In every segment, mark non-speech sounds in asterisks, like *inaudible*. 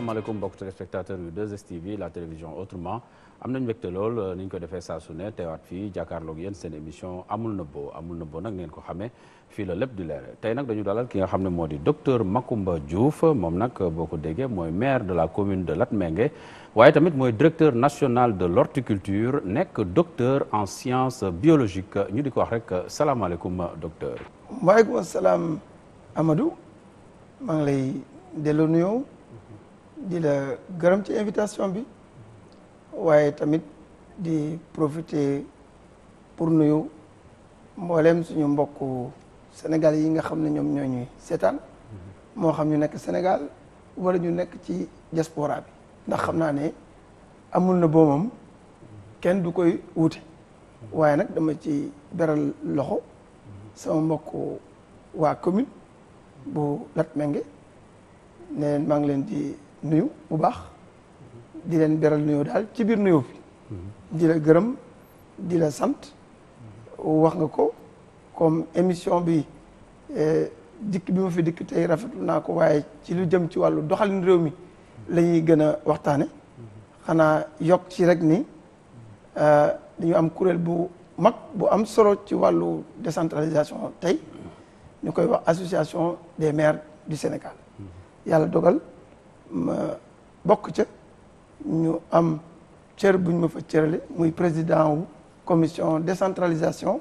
salaamaaleykum mbokk téléspectateur yu 2STV la télévision autrement am nañ mbégte lool euh, ni ñu ko defee saa su ne teewaat fii jàkkaarloog yéen seen émission amul nëbboo amul nëbboo nag ngeen ko xamee fii la lépp di leere tey nag dañu dalal ki nga xam ne moo di docteur Macoumba Diouf moom nag euh, boo ko déggee mooy maire de la commune de Latmingué waaye tamit mooy directeur national de l'horticulture nekk docteur en sciences biologiques ñu di ko wax rek euh, salaamaaleykum docteur. maaleykum salaam Amadou maa ngi lay delloo di la gërëm ci invitation bi waaye tamit di profiter pour nuyu mbooleem suñu mbokku Sénégal yi nga xam ne ñoom ñoo ñuy seetaan moo xam ñu nekk Sénégal wala ñu nekk ci diaspora bi ndax xam naa ne amul na boomam kenn du koy wuute waaye nag dama ci beral loxo sama mbokku waa commune bu Latmingué ne maa ngi leen di. nuyu bu baax di leen beral nuyoo daal ci biir nuyoo fi di gërëm di la sant wax nga ko comme émission bi eh, dikk bi ma fi dikk tey rafetlu naa ko waaye ci lu jëm ci wàllu doxalin réew mi lañuy ñuy gën a waxtaane xanaa yokk ci rek ni eh, dañu am kuréel bu mag bu am solo ci wàllu décentralisation tey ñu koy wax association des maire du Sénégal yàlla dogal ma bokk ca ñu am cër bu ñu ma fa cërale muy président wu commission décentralisation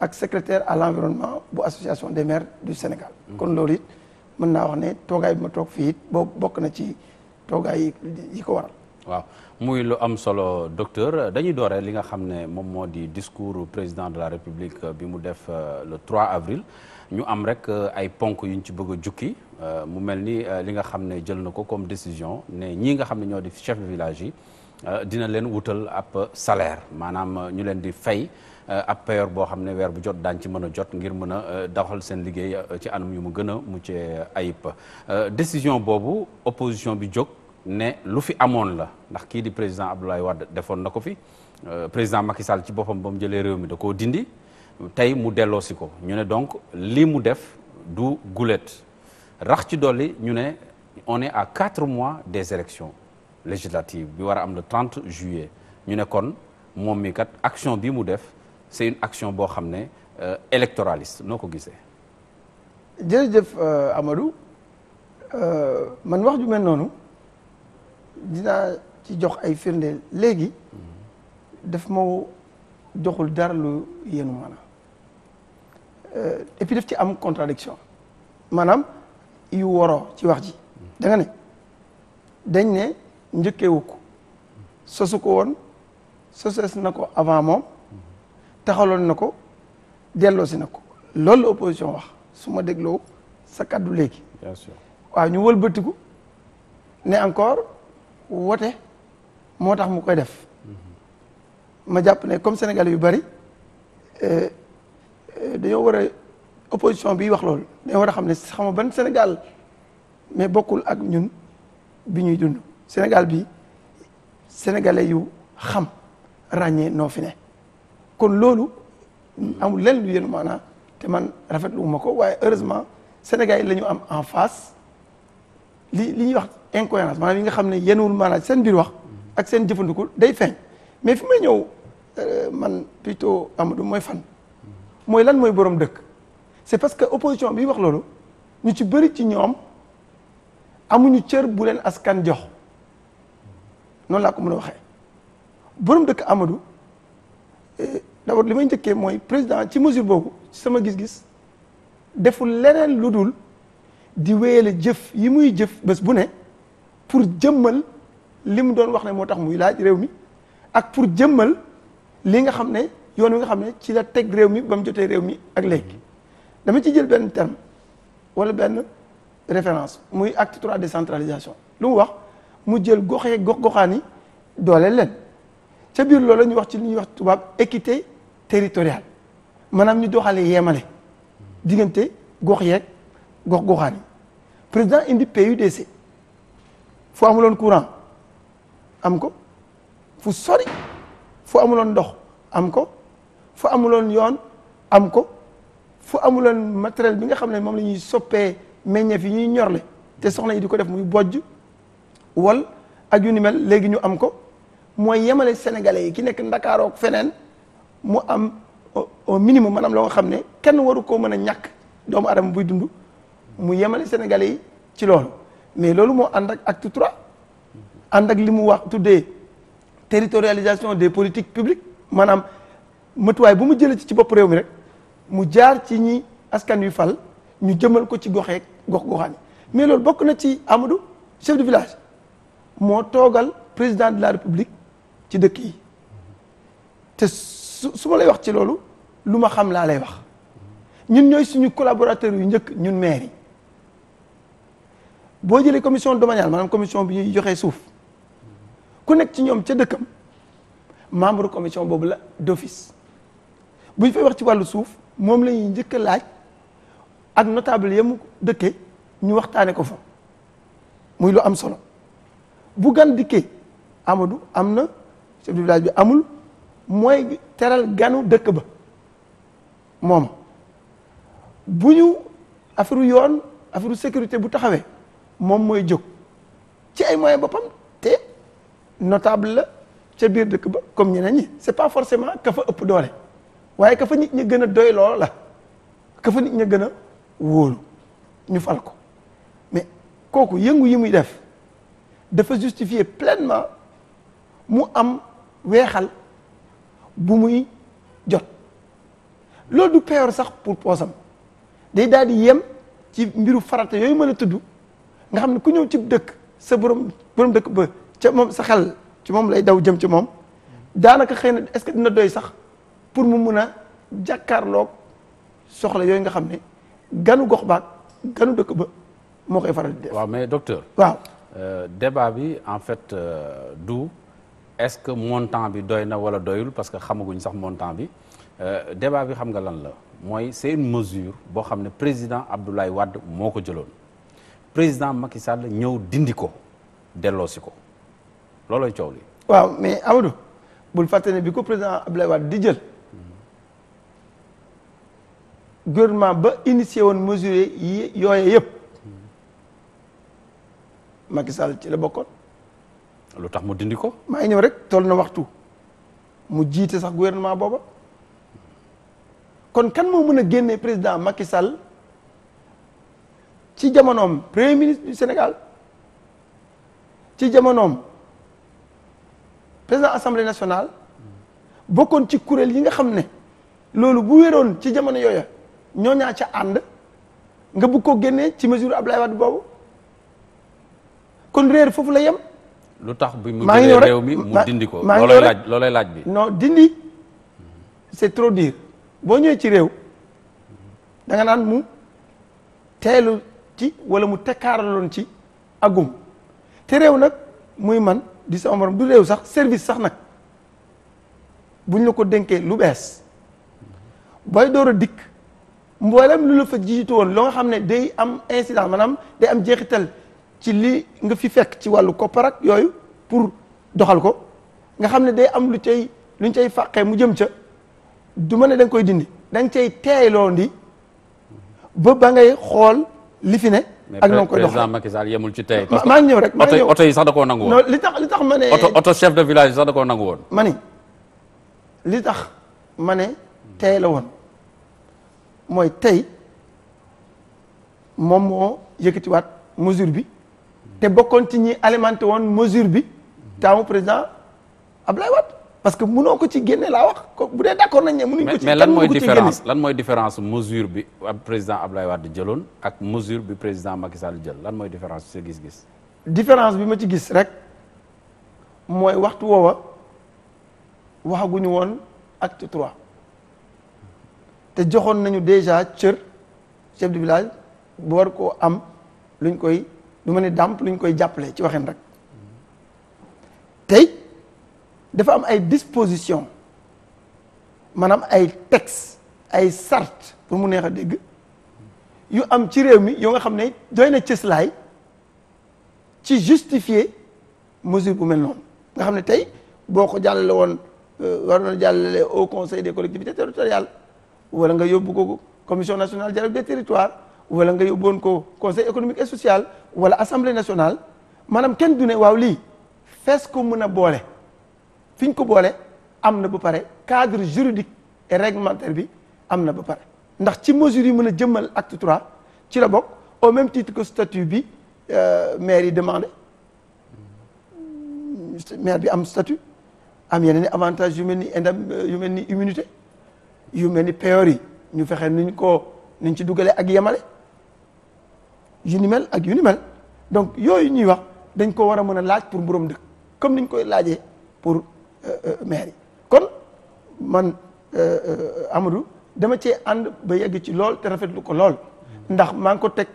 ak secretaire à l'environnement bu association des maires du Sénégal. Mm-hmm. kon loolu it mën naa wax ne toogaay bi ma toog fii it boo bokk na ci toogaay yi ko waral. waaw muy lu am solo docteur dañuy dooree li nga xam ne moom moo di discours président de la république bi mu def euh, le 3 avril. ñu am rek euh, ay ponk ñu ci bëgg a jukki euh, mu mel ni euh, li nga xam ne jël na ko comme décision ne ñii nga xam ne ñoo di chef de village yi dina leen wutal ab salaire maanaam ñu leen di fay ab payor boo xam ne weer bu jot daañ ci mën a jot ngir mën a doxal seen liggéey ci anam yu mu gën a mucc ayib décision boobu opposition bi jóg ne lu fi amoon la ndax kii di président Abdoulaye Wade defoon na ko fi président Macky Sall ci boppam ba mu jëlee réew mi da koo dindi tey mu delloo si ko ñu ne donc lii mu def du gulet rax ci dolli ñu ne on est à quatre mois des élections législatives bi war a am le 30 juillet ñu ne kon moom mi kat action bi mu def c'est une action boo xam ne euh, électoraliste noo ko gisee. jërëjëf euh, Amadou euh, man wax ju mel noonu dinaa ci jox ay firnde léegi daf ma joxul dara lu yéenu maanaam Euh, et puis ci am contradiction maanaam yu waroo ci wax ji da ne dañ ne njëkkee wu ko sosu ko woon sosees na ko avant moom taxaloon na ko delloo si na ko loolu la opposition wax su ma dégloo sa kaddu léegi bien ñu walbatiku ne encore wote moo tax mu koy def mm-hmm. ma jàpp ne comme Sénégal yu bari euh, Eh, dañoo war a opposition bi wax loolu dañoo war a xam ne xam ban Sénégal mais bokkul ak ñun bi ñuy dund Sénégal bi sénégalais yu xam ràññee noo fi kon loolu am lenn lu yéen maanaam te man rafetlu ma ko waaye heureusement Sénégal yi la ñu am en face li li ñuy wax incohérence maanaam yi nga xam ne yenuwul maanaam seen biir wax ak seen jëfandiku day feeñ mais fi may ñëw euh, man plutôt Amadou mooy fan mooy lan mooy borom dëkk c'est parce que opposition bi wax loolu ñu ci bëri ci ñoom amuñu cër bu leen askan jox noonu laa ko mën a waxee borom dëkk Amadou eh, d'abord li may njëkkee mooy président ci mesure boobu sama gis-gis deful leneen lu dul di wéyale jëf yi muy jëf bés bu ne pour jëmmal li mu doon wax ne moo tax muy laaj réew mi ak pour jëmmal li nga xam ne yoon wi nga xam ne ci la teg réew mi ba mu jotee réew mi ak léegi dama ci jël benn terme wala benn référence muy acte trois décentralisation lu mu wax mu jël gox goxee gox goxaan yi dooleel leen ca biir loolu ñu wax ci lu ñuy wax tubaab équité territoriale maanaam ñu doxale yeemale diggante gox yeeg gox goxaani président indi PUDC fu amuloon courant am ko fu sori fu amuloon ndox am ko fu amuloon yoon am ko fu amuloon matériel bi nga xam ne moom la ñuy soppee meññeef yi ñuy ñorle te soxna yi di ko def muy bojj wal ak mel léegi ñu am ko mooy yemale sénégalais yi ki nekk ndakaaroo feneen mu am au minimum maanaam moo xam ne kenn waru koo mën a ñàkk doomu adama buy dund mu yemale sénégalais yi ci loolu mais loolu moo ànd ak trois ànd ak li mu wax tuddee territorialisation des politiques publiques maanaam matuwaay bu mu jëlee ci ci bopp réew mi rek mu jaar ci ñi askan wi fal ñu jëmal ko ci goxee gox goxaan mais loolu bokk na ci Amadou chef de village moo toogal président de la république ci dëkk yi te su su ma lay wax ci loolu lu ma xam laa lay wax ñun ñooy suñu collaborateurs yu njëkk ñun maire yi boo jëlee commission domaniale maanaam commission bi ñuy joxee suuf ku nekk ci ñoom ca dëkkam membre commission boobu la d'office bu ñu fay wax ci wàllu suuf moom la ñuy njëkk laaj ak notable yamu dëkke ñu waxtaane ko fa muy lu am solo bu gan dikkee Amadou am na chef de village bi amul mooy teral ganu dëkk ba moom bu ñu affaire yoon affaire sécurité bu taxawee moom mooy jóg ci ay moyens boppam te notable la ca biir dëkk ba comme ñeneen ñi c'est pas forcément ka ëpp doole waaye ka fa nit ña gën a doy loo la ka nit ña gën a wóolu ñu fal ko mais kooku yëngu yi muy def dafa justifier pleinement mu am weexal bu muy jot loolu du peyor sax pour poosam day daal di yem ci mbiru farata yooyu mën a tudd nga xam ne ku ñëw ci dëkk sa borom borom dëkk ba ca moom sa xel ci moom lay daw jëm ci moom daanaka xëy na est-ce que dina doy sax pour mu mun a jàkkaarloog soxla yooyu nga xam ne ganu gox baak ganu dëkk ba moo koy faral di def. waaw mais docteur. waaw euh, débat bi en fait euh, du est-ce que montant bi doy na wala doyul parce que xamaguñ sax montant bi euh, débat bi xam nga lan la mooy c'est une mesure boo xam ne président Abdoulaye Wade moo ko jëloon président Macky Sall ñëw dindi ko delloosi ko loolooy coow li. waaw mais Amadou bul fàtte bi ko président Abdoulaye Wade di jël. gouvernement ba initié woon mesure yi yooye yëpp Macky Sall ci la bokkoon. lu tax mu dindi ko. maa ngi ñëw rek toll na waxtu mu jiite sax gouvernement booba kon kan moo mun a génne président Macky Sall ci jamonoom premier ministre Sénégal ci jamonoom président assemblée nationale bokkoon ci kuréel yi nga xam ne loolu bu woon ci jamono yooya. ñoo ñaa ca ànd nga bëgg koo génnee ci mesure Abdoulaye Wade boobu kon réer foofu la yem. lu tax bi mu jëlee réew mi mu dindi ko loolay laaj loolay laaj bi. non dindi c'est trop boo ñëwee ci réew danga naan mu teelu ci wala mu tekkaaraloon ci agum te réew nag muy man di sama morom du réew sax service sax nag buñ la ko dénkee lu bees booy door a dikk. mboolem lu la fa jiitu woon loo nga xam ne day am incident maanaam day am jeexital ci li nga fi fekk ci wàllu koppar yooyu pour doxal ko nga xam ne day am lu cay luñ cay fàqee mu jëm ca du ma ne da koy dindi da nga cay teeyloo ndi ba xool li fi ne. ak noonu koy doxal mais président Macky ci tey. parce que maa ngi ñëw rek maa ngi oto yi sax da koo nangu woon. non li tax li tax ma ne. oto oto chef de village koo nangu ma ni tax ma ne tey la woon. mooy tey moom moo yëkkatiwaat mesure bi te bokkoon ci ñi alimenté woon mesure bi taamu président Abdoulaye wat parce que mënoo ko ci génne la wax ko bu dee d' accord nañ ne mënuñ ko ci mais lan mooy différence lan mooy différence mesure bi ab président Abdoulaye Wade jëloon ak mesure bi président Macky Sall jël lan mooy différence bi gis-gis différence bi ma ci gis rek mooy waxtu woowa waxaguñu woon acte trois te joxoon nañu déjà cër chef de village bu war koo am luñ koy du ma ne dàmp luñ koy jàppale ci waxin rek tey dafa am ay disposition maanaam ay texte ay sart pour mu neex a dégg yu am ci réew mi yoo nga xam ne doy na cëslaay ci justifier mesure bu mel noonu nga xam ne tey boo ko jàllale woon euh, war na jàllale au conseil des collectivités territoriales wala nga yóbbu ko commission national dialogue de territoires wala nga yóbboon ko conseil économique et social wala assemblée national maanaam kenn du ne waaw lii fees ko mën a boole fi ko boole am na ba pare cadre juridique et réglementaire bi am na ba pare ndax ci mesures yi mën a jëmmal acte ci la bokk au même titre ko statut bi euh, maire yi demandé maire bi am statut am yeneen i avantages yu mel ni indem yu mel ni immunité yu mel ni peyor yi ñu fexe niñ ko niñ ci dugalee ak yemale yu ni mel ak yu ni donc yooyu ñuy wax dañ ko war a mën a laaj pour borom dëkk comme niñ koy laaje pour euh, euh, maire yi kon man euh, Amadou dama cee ànd bay yegg ci lool te rafetlu ko lool ndax maa ngi ko teg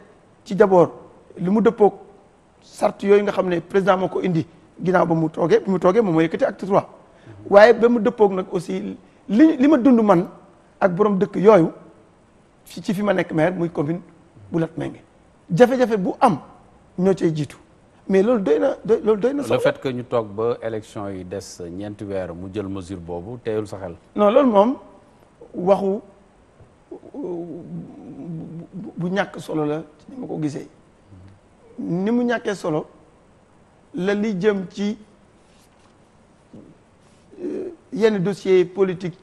ci d'abord li mu dëppoog sart yooyu nga xam ne président moo ko indi ginnaaw ba mu toogee mu toogee moom moo yëkkati acte trois waaye ba mu dëppoog nag aussi li li ma dund man ak borom dëkk yooyu ci fi ma nekk maire muy commune bu Latmingué jafe-jafe bu am ñoo cay jiitu mais loolu doy na loolu doy na. que ñu toog ba élection yi des ñeenti weer mu jël mesure boobu teyul sa xel. loolu moom waxu bu ñàkk solo la ni ko gisee ni mu ñàkkee solo la li jëm ci euh, yenn dossier politique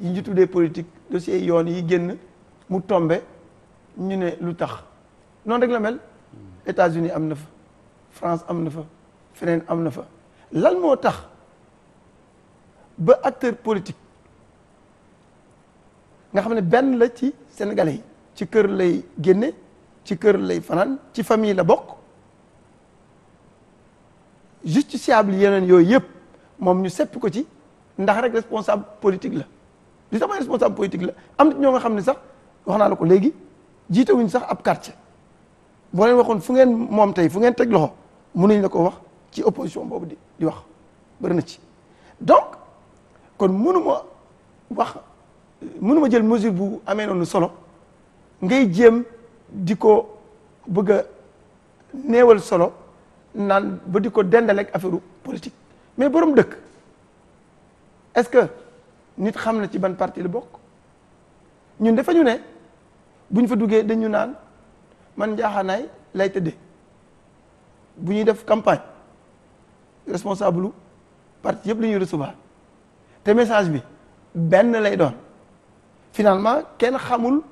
yi ñu tuddee politique dossier yoon yi génn mu tombe ñu ne lu tax noonu rek la mel États-Unis am na fa France am na fa feneen am na fa lan moo tax ba acteur politique nga xam ne benn la ci Sénégalais yi ci kër lay génne ci kër lay fanaan ci famille la bokk justiciable yeneen yooyu yëpp moom ñu sepp ko ci ndax rek responsable politique la li tax may responsable politique la am nit ñoo nga xam ne sax wax naa la ko léegi jiite wuñ sax ab quartier boo leen waxoon fu ngeen moom tey fu ngeen teg loxo mënuñ la koo wax ci opposition boobu di di wax bëri na ci donc kon mënu ma wax mënu jël mesure bu amee noonu solo ngay jéem di ko bëgg a néewal solo naan ba di ko dendaleeg affaire politique mais borom dëkk est-ce que nit xam na ci ban partie la bokk ñun dafa ñu ne bu ñu fa duggee dañu naan man njaaxaanaay lay tëddee bu ñuy def campagne responsable lu parti yëpp la ñuy recevoir te message bi benn lay doon finalement kenn xamul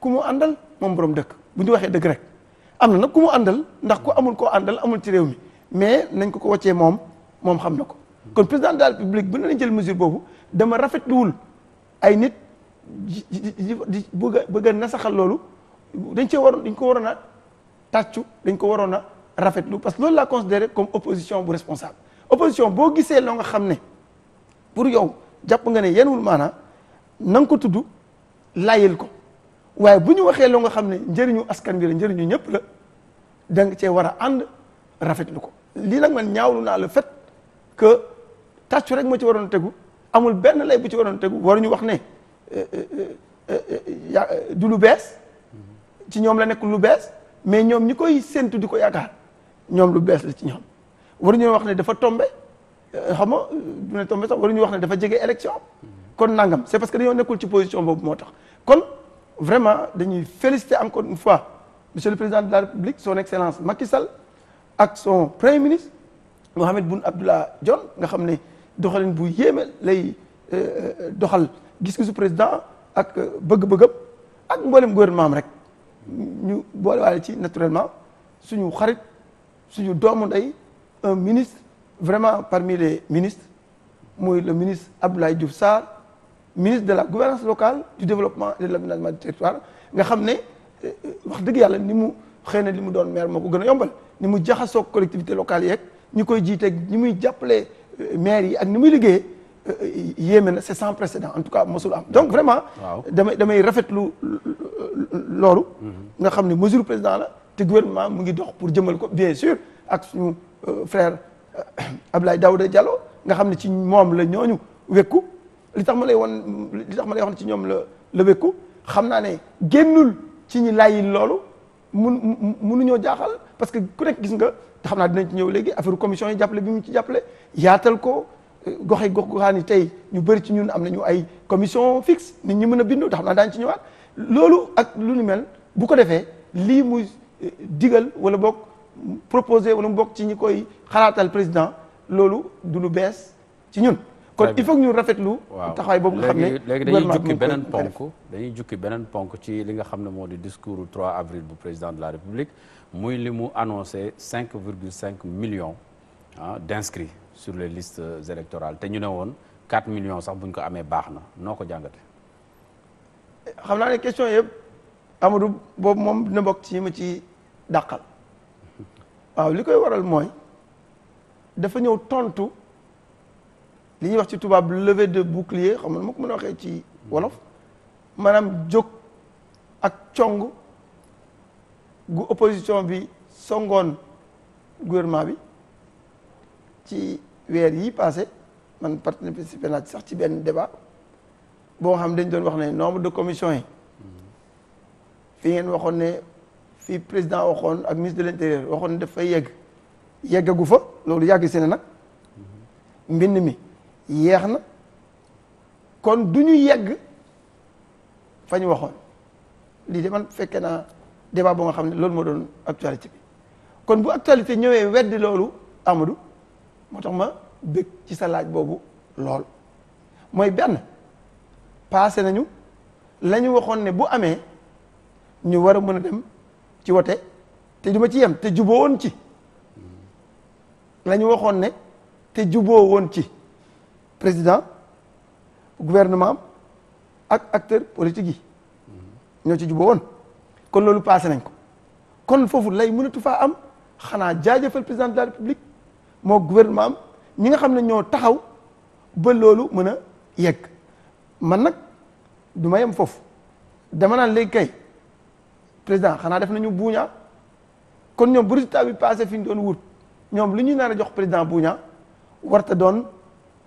ku mu àndal moom borom dëkk bu ñu waxee dëgg rek am na nag ku mu àndal ndax ku amul koo àndal amul ci réew mi mais nañ ko ko wàccee moom moom xam na ko kon président de la république bu ne lañ jël mesure boobu dama rafetluwul ay nit di bëgg a bëgg a nasaxal loolu dañ cee waroon dañ ko waroon a tàccu dañ ko waroon a rafetlu parce que loolu laa considéré comme opposition bu responsable opposition boo gisee loo nga xam ne pour yow jàpp nga ne yenwul maanaa na nga ko tudd layel ko waaye bu ñu waxee loo nga xam ne njëriñu askan bi la njëriñu ñëpp la da nga cee war a ànd rafetlu ko lii nag man ñaawlu naa la fait que tàccu rek moo ci waroon tegu amul benn lay bu ci waroon tegu ñu wax ne euh, euh, euh, du lu bees ci ñoom la nekk lu bees mais ñoom ñi koy séntu di ko yaakaar ñoom lu bees la ci ñoom waruñu wax ne dafa tombé xam nga du ne tombé sax waruñu wax ne dafa jege élection kon nangam c'est parce que dañoo nekkul ci position boobu moo tax kon vraiment dañuy féliciter encore une fois monsieur le président de la république son excellence Macky Sall ak son premier ministre Mohamed Boun Abdallah Dionne nga xam ne doxalin bu yéeme lay euh, euh, doxal gis-gisu président ak euh, bëgg-bëggam ak mboolem gouvernement am rek ñu boole waale ci naturellement suñu xarit suñu doomu ndey un ministre vraiment parmi les ministres muy le ministre Abdoulaye Diouf Sarr ministre de la gouvernance locale du développement et de l'aménagement du territoire nga xam ne wax dëgg yàlla ni mu xëy na li mu doon mer moo ko gën a yombal ni mu jaxasoo collectivité locale yeeg ñu koy jiiteeg ñi muy jàppalee maire yi ak ni muy liggéeyee euh, yéeme na c'est sans précédent en tout cas mosul am donc vraiment. damay damay rafetlu loolu. Mhm. nga xam ne mesure président la te gouvernement mu ngi dox pour jëmal ko bien sûr ak suñu euh, frère euh, Abdoulaye Daouda Diallo nga xam ne ci moom la ñooñu wekku li tax ma lay won li ma lay ci ñoom la la wekku xam naa ne génnul ci ñi layi loolu mun munuñoo jaaxal parce que ku nekk gis nga. te xam naa dinañ ci ñëw léegi affaire commission yi jàppale bi mu ci jàppale yaatal ko euh, gox yi gox goxaan yi tey ñu bëri ci ñun am nañu ay commission fixe nit ñi mën a bindu te xam naa daañu ci ñëwaat loolu ak lu ñu mel bu ko defee lii muy euh, digal wala boog proposé wala mu bokk ci ñi koy xalaatal président loolu du lu bees ci ñun. kon il faut que ñu rafetlu. waaw taxawaay boobu nga xam ne léegi dañuy jukki beneen ponk dañuy jukki beneen ponk ci li nga xam ne moo di discours 3 avril bu président de la république. muy li mu annoncé cinq virgule cinq millions ah d' sur les listes électorales te ñu ne woon quatre millions sax bu ñu ko amee baax na noo ko jàngate xam naa ne question yëpp Amadou boobu moom dina bokk ci ma ci dàqal waaw li koy waral mooy dafa ñëw tontu li ñuy wax ci tubaab levée de bouclier xam nga ma ko mën a waxee ci wolof maanaam jóg ak cong gu opposition bi songoon gouvernement bi ci weer yi passé man participé naa sax ci benn débat boo xam dañ doon wax ne nombre de commission yi fi ngeen waxoon ne fii président waxoon ak ministre de l'intérieur waxoon ne dafay yegg yeggagu fa loolu yàgg seen nag mbind mi yeex na kon du ñu yegg fa waxoon lii de man fekke naa débat boo nga xam ne loolu moo doon actualité kon bu actualité ñëwee weddi loolu Amadou moo tax ma bëgg ci sa laaj boobu lool mooy benn passé nañu la ñu waxoon ne bu amee ñu war a mën a dem ci wote te duma ci yem te juboo woon ci la ñu waxoon ne te juboo woon ci président gouvernement ak acteur politique yi ñoo ci juboo woon kon loolu passé nañ ko kon foofu lay mënatu faa am xanaa jaajëfal président de la république moo gouvernement am ñi nga xam ne ñoo taxaw ba loolu mën a yegg man nag du ma yem foofu dama naan léegi kay président xanaa def nañu buuñaa kon ñoom bu résultat bi passé fi ñu doon wut ñoom lu ñuy naan a jox président buuñaa warta doon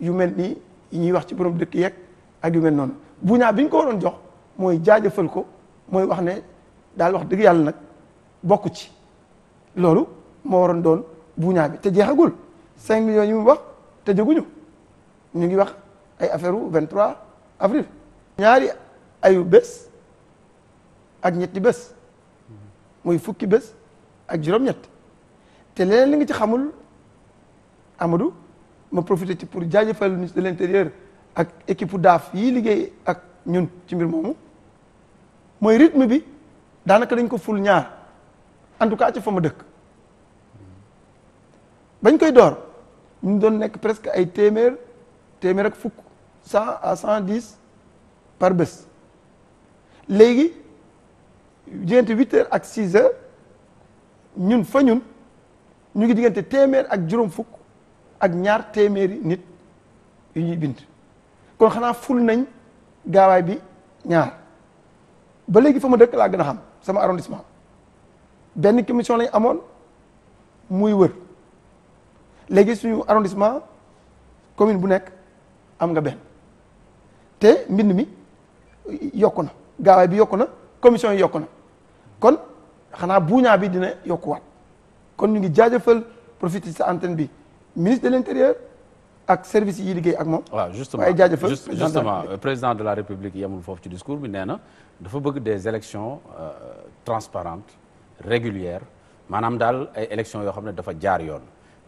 yu mel nii yi ñuy wax ci borom dëkk yeeg ak yu mel noonu buuñaa bi ñu ko waroon jox mooy jaajëfal ko mooy wax ne daal wax dëgg yàlla nag bokku ci loolu moo waroon doon bu bi te jeexagul 5 millions yi mu wax te jóguñu ñu ngi wax ay affaire u 23 avril ñaari ayu bés ak ñetti bés mooy fukki bés ak juróom-ñett te leneen li nga ci xamul Amadou ma profité ci pour jaajëfal ministre de l'intérieur ak équipe daaf yi liggéey ak ñun ci mbir moomu mooy rythme bi daanaka dañ ko ful ñaar en tout cas ci fa ma dëkk bañ koy door ñu doon nekk presque ay téeméer téeméer ak fukk cent à cent dix par bés léegi diggante huit heures ak six heures ñun fa ñun ñu ngi diggante téeméer ak juróom fukk ak ñaar téeméeri nit yu ñuy bind kon xanaa ful nañ gaawaay bi ñaar ba léegi fa ma dëkk laa gën a xam sama arrondissement benn commission lañ amoon muy wër léegi suñu arrondissement commune bu nekk am nga benn te mbind mi yokku na gaawaay bi yokku na commission yi yokku na kon xanaa buuñaa bi dina yokkuwaat kon ñu ngi jaajëfal profité sa antenne bi ministre de ak service yi liggéey ak moom. waaw justement waaye jaajëfal justement euh, président de la république yemul foofu ci discours bi nee na dafa bëgg des élections euh, transparentes régulières maanaam daal ay élections yoo xam ne dafa jaar yoon.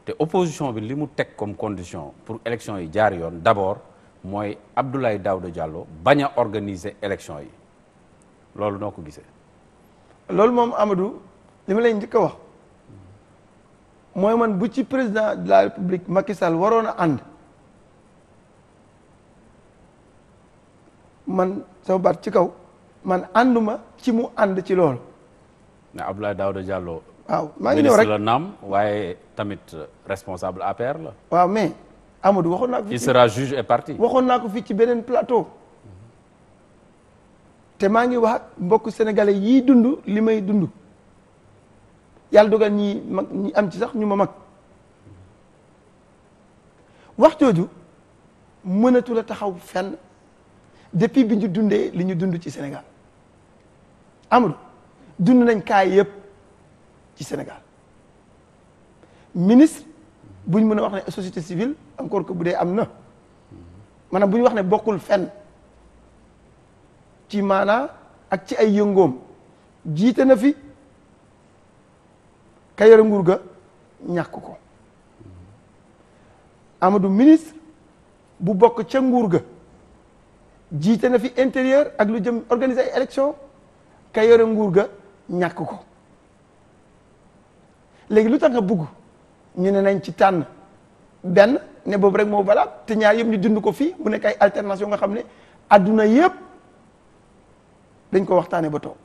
te opposition bi li mu teg comme condition pour élection yi jaar yoon d'abord mooy Abdoulaye Daouda jàlloo bañ a organiser élection yi loolu noo ko gisee. loolu moom amadu li ma leen njëkk a wax. mooy man bu ci président de la république Macky Sall a man sama baat ci kaw man ànduma ci mu ànd ci loolu. mais Abdoulaye Daouda Diallo. waaw maa ngi ñëw rek ministre naam waaye tamit responsable APR la. waaw mais Amadou waxoon naa ko. il sera waxoon naa ko fii ci beneen plateau. te maa ngi wax ak mbokku sénégalais yii dund li may dund yàlla dogal ñi ñi am ci sax ñu ma mag wax jooju mënatul a taxaw fenn. depuis bi ñu dundee li ñu dund ci Sénégal amul dund nañ kaay yëpp ci Sénégal ministre bu ñu mën a wax ne société civile encore que bu dee am na maanaam bu ñu wax ne bokkul fen ci maanaa ak ci ay yëngoom jiite na fi ka yore nguur ga ñàkk ko Amadou ministre bu bokk ca nguur ga jiite na fi intérieur ak lu jëm organiser ay élection ka yore nguur ga ñàkk ko léegi lu tax bugg ñu ne nañ ci tànn benn ne boobu rek moo valable te ñaar yëpp ñu dund ko fii mu nekk ay alternation nga xam ne adduna yëpp dañ ko waxtaanee ba toog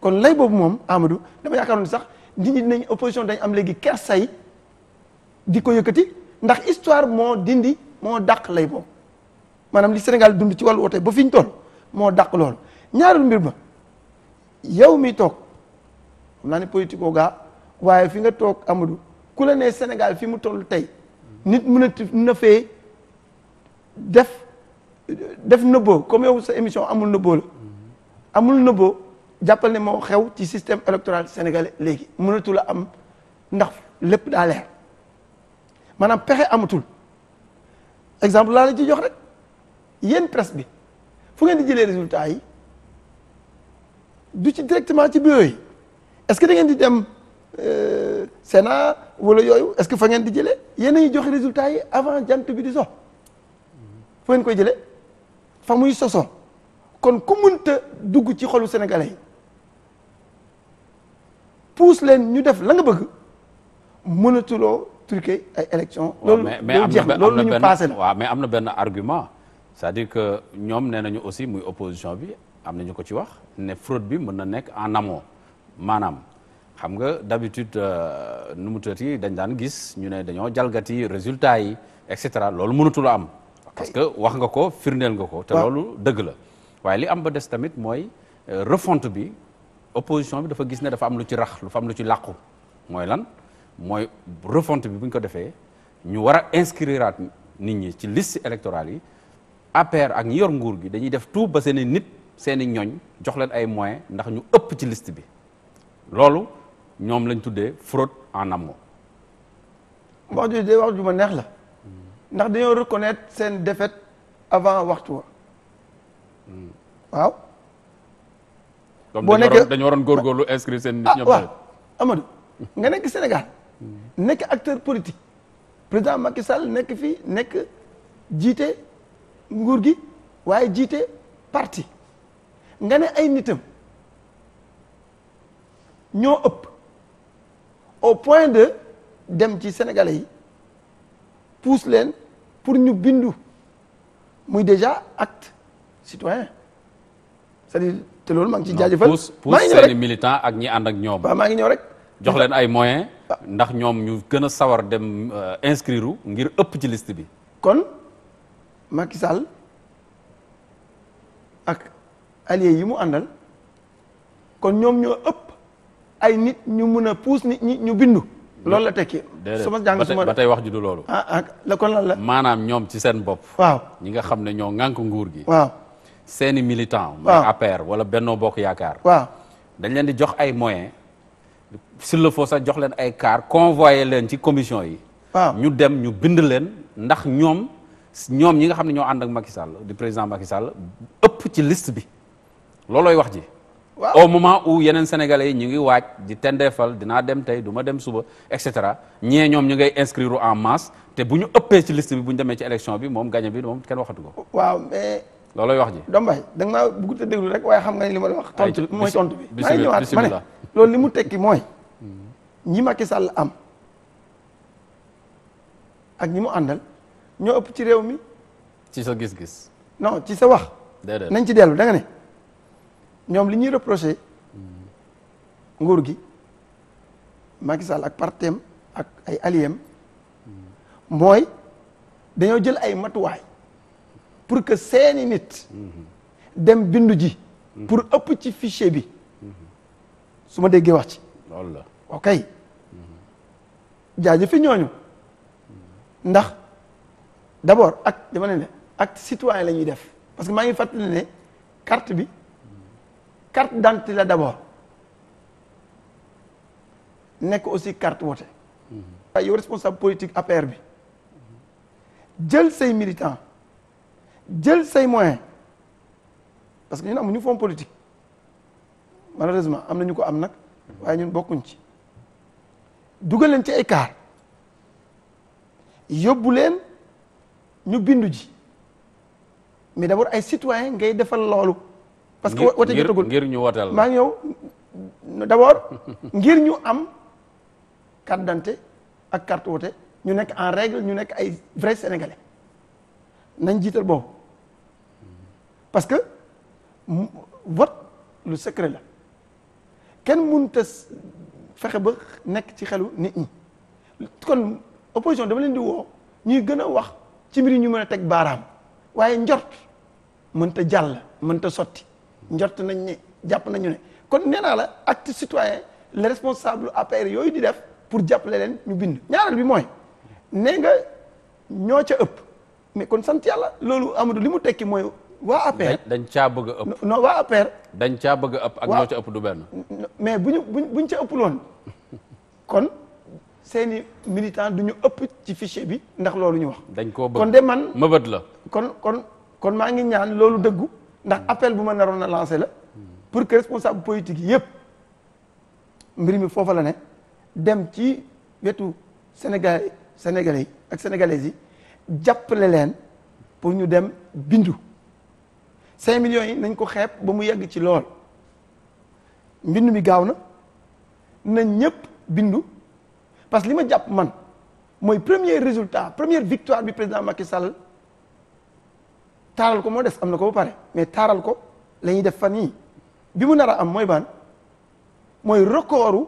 kon lay boobu moom Amadou dama ni sax nit ñi dinañ opposition dañ am léegi kersay di ko yëkkati ndax histoire moo dindi moo dàq lay boobu. maanaam li Sénégal dund ci wàllu oto ba fi ñu toll moo dàq lool ñaareelu mbir ma yow mi toog xam naa ne politico gaa waaye fi nga toog Amadou ku la ne Sénégal fi mu toll tey nit mun a na fee def def nëbboo comme yow sa émission amul nëbboo la amul nëbboo jàppal ne moo xew ci système électoral sénégalais léegi mënatu a am ndax lépp daa leer maanaam pexe amatul exemple laa la ci jox rek. yéen presse bi fu ngeen di jëlee résultat yi du ci directement ci bureau yi est-ce que da ngeen di dem euh, Sénat wala yooyu est-ce que fa ngeen di jëlee yéen a joxe résultat yi avant jant bi di so fu ngeen koy jële fa muy soso kon ku munta dugg ci xolu sénégalais yi pousse leen ñu def la nga bëgg mënatuloo truquer ay élection loolu jeex loolu lu ñu passé la waaw mais am na benn argument c'est-à-dire que ñoom nee nañu aussi muy opposition bi am nañu ko ci wax ne fraude bi mën na nekk en amont maanaam xam nga d'habitude euh, nu mu tëdd dañ daan gis ñu ne dañoo jalgati résultats yi et cetera loolu mënatul a am. parce que wax nga ko firndeel nga ko. te loolu dëgg la waaye li am ba des tamit mooy euh, refonte bi opposition bi dafa gis ne dafa am lu ci rax lu fa am lu ci làqu mooy lan mooy refonte bi bu ko defee ñu war a inscriraat nit ñi ci liste électorale yi. APR ak ñi yor nguur gi dañuy def tout ba seen nit seeni i ñoñ jox leen ay moyens ndax ñu ëpp ci list bi loolu ñoom lañ tuddee fraude en amont. wax ju de wax ju ma neex la ndax dañoo reconnaître seen défaite avant waxtu wa waaw. boo nekkee dañu waroon góorgóorlu inscrire seen nit ah, ñoom. waaw Amadou nga nekk Sénégal hmm. nekk acteur politique président Macky sal nekk fii nekk jiite. nguur gi waaye jiite parti nga ne ay nitam ñoo ëpp au point de dem ci sénégalais yi pousse leen pour ñu bindu muy déjà acte citoyen cest à te loolu maa ngi ci jaajëfal. maa ngi seeni militant ak ñi ànd ak ñoom. waaw maa ngi ñëw rek. jox leen ay moyen ah. ndax ñoom ñu gën a sawar dem euh, inscrire ngir ëpp ci list bi. Macky ak alliés yi mu àndal kon ñoom ñoo ëpp ay nit ñu mën a puus nit ñi ñu bindu. loolu la tekki suma jàng suma ba wax ju du loolu. ah ah la kon maanaam ñoom ci seen bopp. waaw ñi nga xam ne ñoo ŋànk nguur gi. waaw seeni militant. waaw APR wala Benno Bokk Yaakaar. waaw dañ leen di jox ay moyens. si le faut sax jox leen ay car convoyé leen ci commission yi. waaw ñu dem ñu bind leen ndax ñoom. ñoom ñi nga xam ne ñoo ànd ak Macky Sall di président Macky Sall ëpp ci list bi loolooy wax ji. waaw au moment où yeneen sénégalais yi ñu ngi waaj di tendeefal dinaa dem tey duma ma dem suba et cetera ñee ñoom ñu ngay inscrire en masse te bu ñu ëppee ci list bi bu ñu demee ci élection bi moom gagné bi moom kenn waxatu ko. waaw mais. loolooy wax ji. Dombay da nga maa bëgg te déglu rek waaye xam nga li ma la wax. tontu bi mooy tontu bi. maa ngi ñëwaat ma ne loolu li mu tekki mooy. Hmm. ñi Macky Sall am ñi mu àndal. ñoo ëpp ci réew mi. ci sa gis-gis. non ci sa wax. nañ ci dellu da ne ñoom li ñuy reproché nguur gi makisal ak partem ak ay alliés mooy dañoo jël ay matuwaay pour que seeni nit. dem bindu ji. pour ëpp ci fichier bi. su ma déggee wax ci. loolu la fi ñooñu ndax. d' abord acte dama ne ne acte citoyen la ñuy def parce que maa ngi fàttali ne carte bi carte d' la d' abord nekk aussi carte wote waaye mhm. yow responsable politique APR bi jël say militant jël say moyen parce que ñun amuñu fond politique malheureusement am na ko am nag waaye ñun bokkuñ ci dugal leen ci ay kaar ñu bindu ji mais d' ay citoyen ngay defal loolu. parce que wote jotagul ngir ñu wotal maa ngi ñëw d' abord *laughs* ngir ñu am carte d' ak carte wote ñu nekk en règle ñu nekk ay vrai sénégalais nañ jiital boobu parce que vote lu secret la kenn mënut a fexe ba nekk ci xelu nit ñi kon opposition dama leen di woo ñuy gën a wax. ci mbir ñu mën a teg baaraam waaye njort mënta jàll mënta sotti njort nañ ni jàpp nañu ne kon nee naa la acte citoyen le responsable APR yooyu di def pour jàppale leen ñu bind ñaareel bi mooy nee nga ñoo ca ëpp mais kon sant yàlla loolu Amadou li mu tekki mooy waa APR dañ caa bëgg a ëpp non waa APR dañ caa bëgg a ëpp ak ñoo ca ëpp du benn mais bu ñu buñ buñ ca ëpp loon kon seen i militant du ñu ëpp ci fichier bi ndax loolu ñu wax. dañ koo bëgg kon de man mëbët la. kon kon kon maa ngi ñaan loolu dëggu ndax appel bu ma naroon na lancé la pour que responsable politique yëpp mbir mi foofa la ne dem ci wetu Sénégal Sénégalais yi ak sénégalaises yi jàppale leen pour ñu dem bindu 5 millions yi nañ ko xeeb ba mu yegg ci lool mbindu mi gaaw na na ñëpp bindu. parce que li ma jàpp man mooy premier résultat première victoire bi président Macky Sall taaral ko moo des am na ko ba pare mais taaral ko la ñuy def fan yii bi mu nar am mooy baan mooy recordu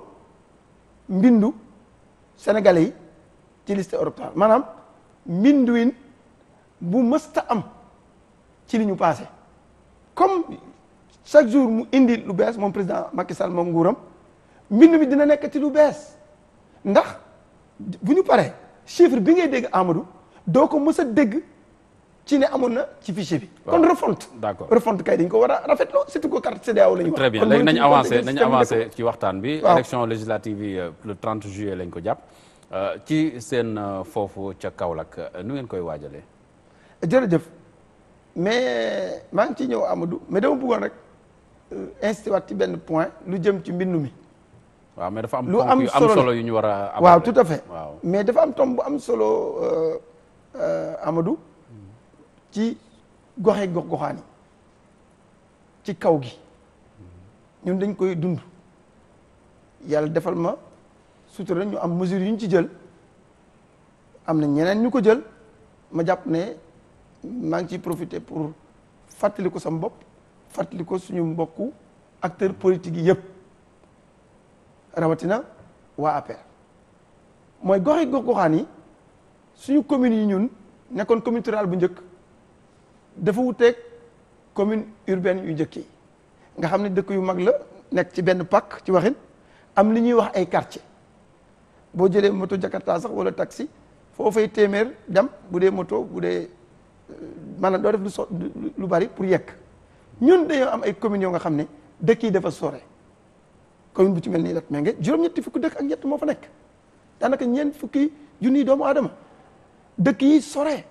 mbindu sénégalais yi ci liste électorale maanaam mbinduwin bu mësta am ci li ñu passé comme chaque jour mu indi lu bees moom président Macky Sall moom nguuram mbindu mi dina nekk ci lu bees ndax bu ñu paree chiffre bi ngay dégg Amadou doo ko mës dégg ci ne amoon na ci fichier bi. kon refonte. d'accord refonte kay dañ ko war a rafetloo surtout que carte CEDEAO la ñu wax. très bien avancé nañu avancé ci waxtaan bi. élection législative yi euh, le 30 juillet lañ ko jàpp. Euh, ci seen euh, foofu ca Kaolack nu ngeen koy waajalee. jërëjëf mais maa ngi ciy ñëw Amadou mais dama bëggoon rek insister waat ci benn point lu jëm ci mbindu mi. waaw dafa am lu am solo yu ñu war a. waaw tout à fait mais dafa am tomb am solo euh, euh, Amadou. ci goxe gox goxaani ci kaw gi ñun dañ koy dund yàlla defal ma sutura ñu am mesure yu ñu ci jël am na ñeneen ñu ko jël ma jàpp ne maa ngi ciy profité pour fàttali ko sama bopp fàttali ko suñu mbokku acteurs politiques yi yëpp rawatina waa APR mooy gox yi gox goxaan yi suñu communes yi ñun nekkoon commune rurale bu njëkk dafa wuteeg commune urbaine yu njëkk yi nga xam ne dëkk yu mag la nekk ci benn pakk ci waxin am li ñuy wax ay quartier boo jëlee moto jakarta sax wala taxi foo fay téeméer dem bu dee moto bu dee euh, maanaam doo def lu so lu bari pour yekk ñun dañoo am ay communes yoo nga xam ne dëkk yi dafa sore commune bu ci mel nii Latmingué juróom-ñetti fukki dëkk ak ñett moo fa nekk daanaka ñeent fukki junniy doomu adama dëkk yi sore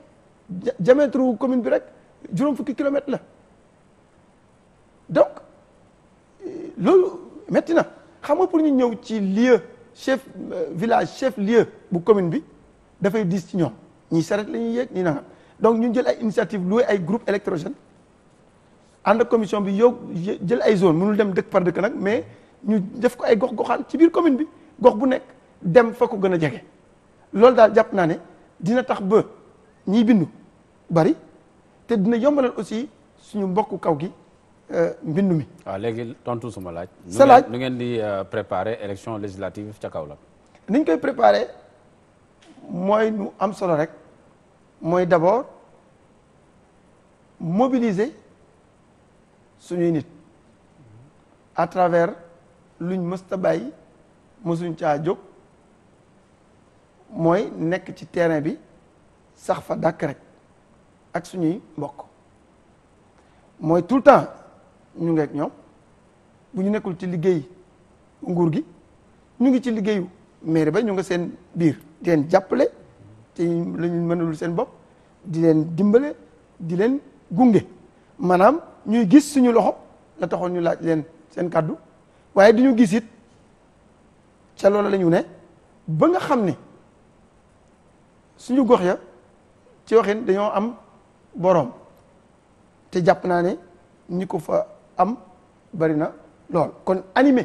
diamètre wu commune bi rek juróom fukki kilomètre la donc euh, loolu métti na xam nga pour ñu ñëw ci lieu chef euh, village chef lieu bu commune bi dafay diis ci ñoom ñi saret la ñuy yéeg ñi nangam donc ñu jël ay initiative loué ay groupe électrogène ànd ak commission bi yow jël ay zone mënul dem dëkk par dëkk nag mais ñu def ko ay gox-goxaan ci biir commune bi gox bu nekk dem fa ko gën a jege loolu daal jàpp naa ne dina tax ba ñiy bindu bari te dina yombalal aussi suñu mbokku kaw gi euh, mbindu mi. waaw léegi tontu suma laaj. sa laaj nu ngeen di euh, préparer élection législative ca Kaolack. ni ñu koy préparer mooy nu am solo rek mooy d'abord mobiliser suñuy nit à travers. luñ mësta bàyyi mësuñ caa jóg mooy nekk ci terrain bi sax fa dàkk rek ak suñuy mbokk mooy tout le temps ñu ngeek ñoom bu ñu nekkul ci liggéey nguur gi ñu ngi ci liggéeyu mairie ba ñu nga seen biir di leen jàppale te lañu mënalul seen bopp di leen dimbale di leen gunge maanaam ñuy gis suñu loxo la taxoon ñu laaj leen seen kàddu waaye di ñu gis it ca loolu la ne ba nga xam ne suñu gox ya ci waxin dañoo am boroom te jàpp naa ne ñi ko fa am bari na lool kon animé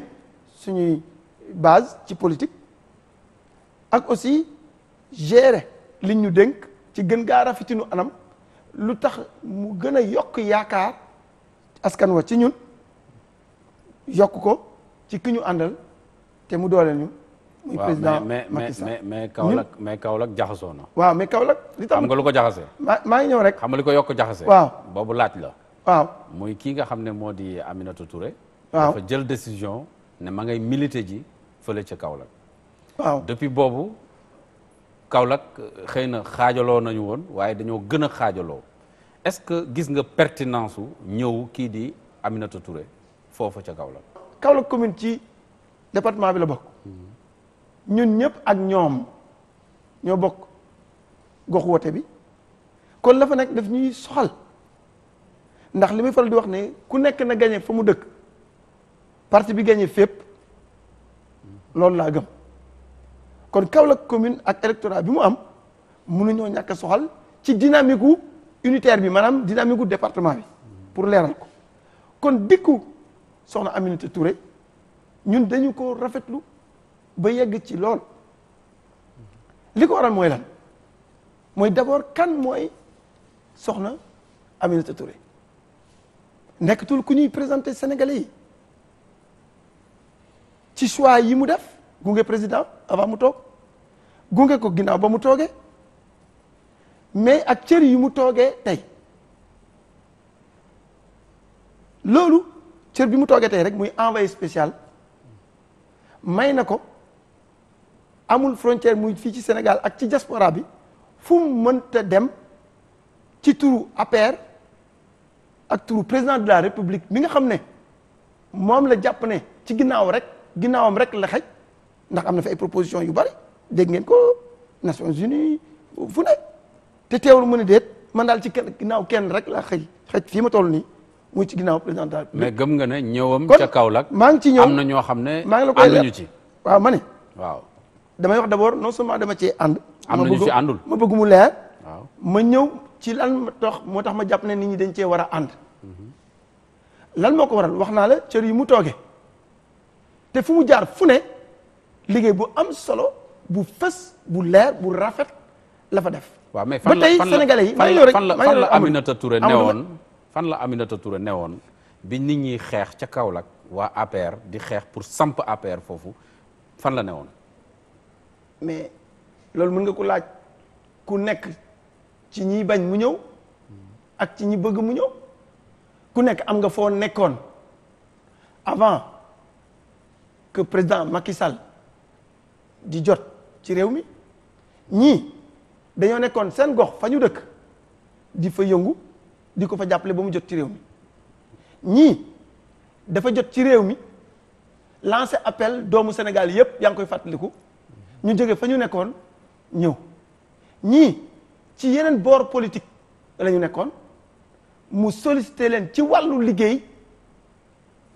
suñuy base ci politique ak aussi gere liñ ñu dénk ci gën gaa rafetinu anam lu tax mu gën a yokk yaakaar askan wa ci ñun yokk ko ci ki ñu àndal te mu doole ñu. muy président Macky Sall mais mais Kaolack mais Kaolack jaxasoo na. waaw mais Kaolack li tax xam nga lu ko jaxasee. maa maa ngi ñëw rek. xam nga li ko yokk jaxasee. waaw boobu laaj la. waaw muy kii nga xam ne moo di Aminata Touré. waaw jël décision ne ma ngay milité ji fële ca Kaolack. waaw depuis boobu Kaolack euh, xëy na xaajaloo nañu woon waaye dañoo gën a xaajaloo est-ce que gis nga pertinence su ñëw kii di Aminata Touré foofa ca Kaolack. Kaolack commune ci département bi la bokk ñun ñëpp ak ñoom ñoo bokk gox wote bi kon la fa nekk daf ñuy soxal ndax li muy faral di wax ne ku nekk na gañe fa mu dëkk parti bi gañe fépp loolu laa gëm kon Kaolack commune ak électorat bi mu am mënuñoo ñàkk a soxal ci dynamique unitaire bi maanaam dynamique département bi pour leeral ko kon dikku soxna Aminata Touré ñun dañu ko rafetlu ba yegg ci lool li ko waral mooy lan mooy d'abord kan mooy soxna Aminata Touré nekkatul ku ñuy présenté Sénégalais ci choix yi mu def gunge président avant mu toog gunge ko ginnaaw ba mu tooge mais ak cër yi mu toogee tey loolu cër bi mu toogee tey rek muy envoyé spécial may na ko amul frontière muy fii ci Sénégal ak ci diaspora bi fu mu dem ci turu APR ak turu président de la république mi nga xam ne moom la jàpp ne ci ginnaaw rek ginnaawam rek la xej ndax am na fi ay proposition yu bari dégg ngeen ko Nations Unies fu ne te teewul mu ne déet man daal ci ken ginnaaw kenn rek la xëy xëy fii ma toll nii muy ci ginnaaw président daal. mais gëm nga ne ñëwam. ca Kaolack maa ngi ci am na ñoo xam ne. maa ngi la koy waaw ma ne. waaw damay wax d' abord non seulement dama cee ànd. am na ñu ci àndul ma bëgg mu leer. waaw ma ñëw ci lan tax moo tax ma jàpp ne nit ñi dañ cee war a ànd. moo ko waral wax naa la cër yi mu tooge te fu mu jaar fu ne liggéey bu am solo bu fës bu leer bu rafet la def. waaw mais fan la la ba tey sénégalais yi. maa ngi ñëw rek maa ngi ñëw rek Aminata Touré newoon. fan la Aminata Touré newoon bi nit ñi xeex ca Kaolack waa APR di xeex pour samp APR foofu fan la newoon. mais loolu mën nga ko laaj ku nekk ci ñiy bañ mu ñëw ak ci ñi bëgg mu ñëw ku nekk am nga foo nekkoon avant que président Macky Sall di jot ci réew mi ñii dañoo nekkoon seen gox fa ñu dëkk di fa yëngu. di ko fa jàppale ba mu jot ci réew mi ñii dafa jot ci réew mi lancé appel doomu Sénégal yëpp yaa ngi koy fàttaliku ñu jóge fa ñu nekkoon ñëw ñii ci yeneen boor politique lañu nekkoon mu sollicité leen ci wàllu liggéey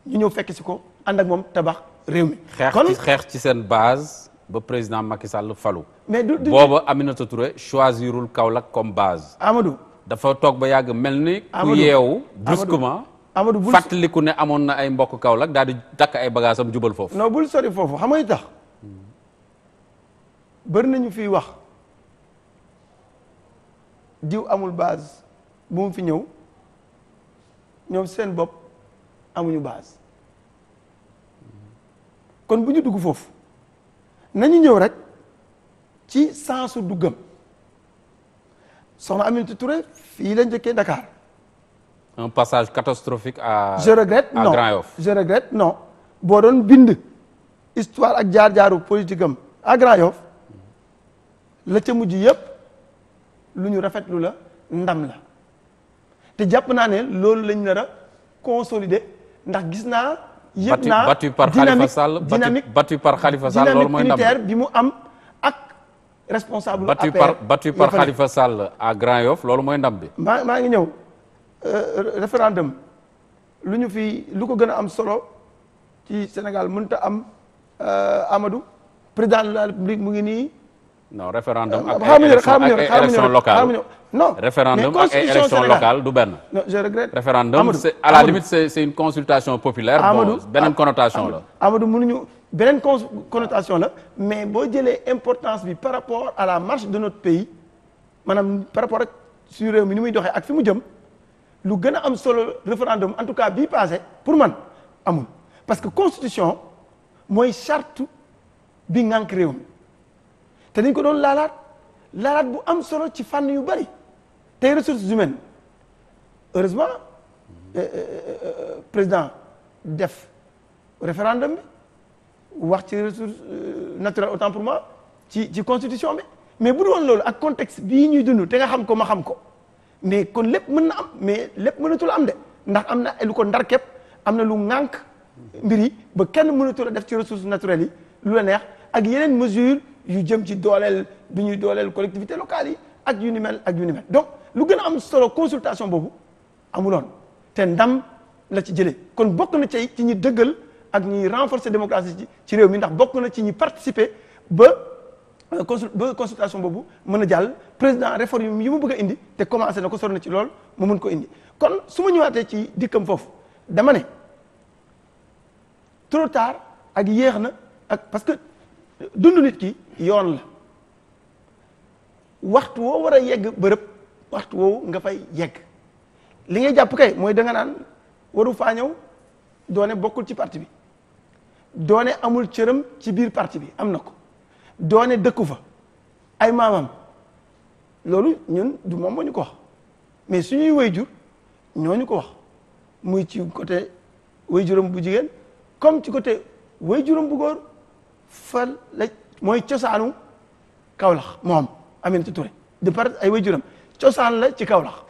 ñu ñëw fekk si ko ànd ak moom tabax réew mi. kon xeex ci seen base ba président Macky Sall falu. mais du du booba Aminata Touré choisirul Kaolack comme base. Amadou. dafa toog ba yàgg mel ni. ku yeewu brusquement. Amadou bul fàttaliku ne amoon na ay mbokk Kaolack daal di takk ay bagages am jubal foofu. non bul sori foofu xam nga tax hmm. bari nañu fi wax diw amul baas bu mu fi ñëw ñëw seen bopp amuñu baas hmm. kon bu ñu dugg foofu nañu ñëw rek ci sensu duggam. soxna Aminata Touré fii la njëkkee Dakar. un passage catastrophique à. je regrette à non Grand boo doon bind histoire ak jaar-jaaru politique am à la ca mujj yëpp lu ñu rafetlu la ndam la te jàpp naa ne loolu lañ nar a consolider ndax gis naa. yëpp naa battu par Khalifa Sall dynamique battu par Khalifa Sall mooy ndam bi mu am. responsable battu par battu par Khalifa Sall à Grand Yoff loolu mooy ndam bi. maa maa ngi ñëw euh, référendum lu ñu fi lu ko gën a am solo ci Sénégal mënut a am euh, Amadou président de la République mu ngi nii. non référendum euh, ak ay élection ak ay élection du benn. non je regrette référendum c'est à la limite c'est une consultation populaire. bon beneen connotation la. Amadou mënuñu. beneen connotation la mais boo jëlee importance bi par rapport à la marche de notre pays maanaam par rapport ak su réew mi ni muy doxee ak fi mu jëm lu gën a am solo référendum en tout cas bii passé pour man amul parce que constitution mooy chartu bi ngànk te dañ ko doon laalaat laalaat bu am solo ci fànn yu bari tey ressources humaines heureusement euh, euh, euh, président def référendum wax ci ressource euh, naturelle autant pour ci ci constitution bi mais bu dul woon loolu ak contexte bii ñuy dund te nga xam ko ma xam ko mais kon lépp mën na am mais lépp mënatul am de ndax am na lu ko ndar képp am na lu ŋànk mbir yi ba kenn mënatul a def ci ressources naturelles yi lu la neex ak yeneen mesures yu jëm ci dooleel bi ñuy dooleel collectivités locales yi ak yu ni mel ak yu donc lu gën am solo consultation boobu amuloon te ndam la ci jëlee kon bokk na ci ci ñi dëggal. ak ñuy renforcer démocratie ci ci réew mi ndax bokk na ci ñi participer ba euh, consul ba consultation boobu mën a jàll président réforme yi mu bëgg a indi te commencé na ko sor na ci lool mu mën ko indi kon su ma ñëwaatee ci dikkam foofu dama ne trop tard ak yéex na ak parce que dund nit ki yoon la waxtu woo war a yegg bërëb waxtu woowu nga fay yegg li ngay jàpp kay mooy da nga naan waru faa ñëw doone bokkul ci parti bi doone amul cëram ci biir parti bi am na ko doone dëkku fa ay maamam loolu ñun du moom moo ñu ko wax mais suñuy wayjur ñooñu ko wax muy ci côté wayjuram bu jigéen comme ci côté wayjuram bu góor fa la mooy cosaanu Kaolack moom Aminata Touré de part ay wayjuram cosaan la ci Kaolack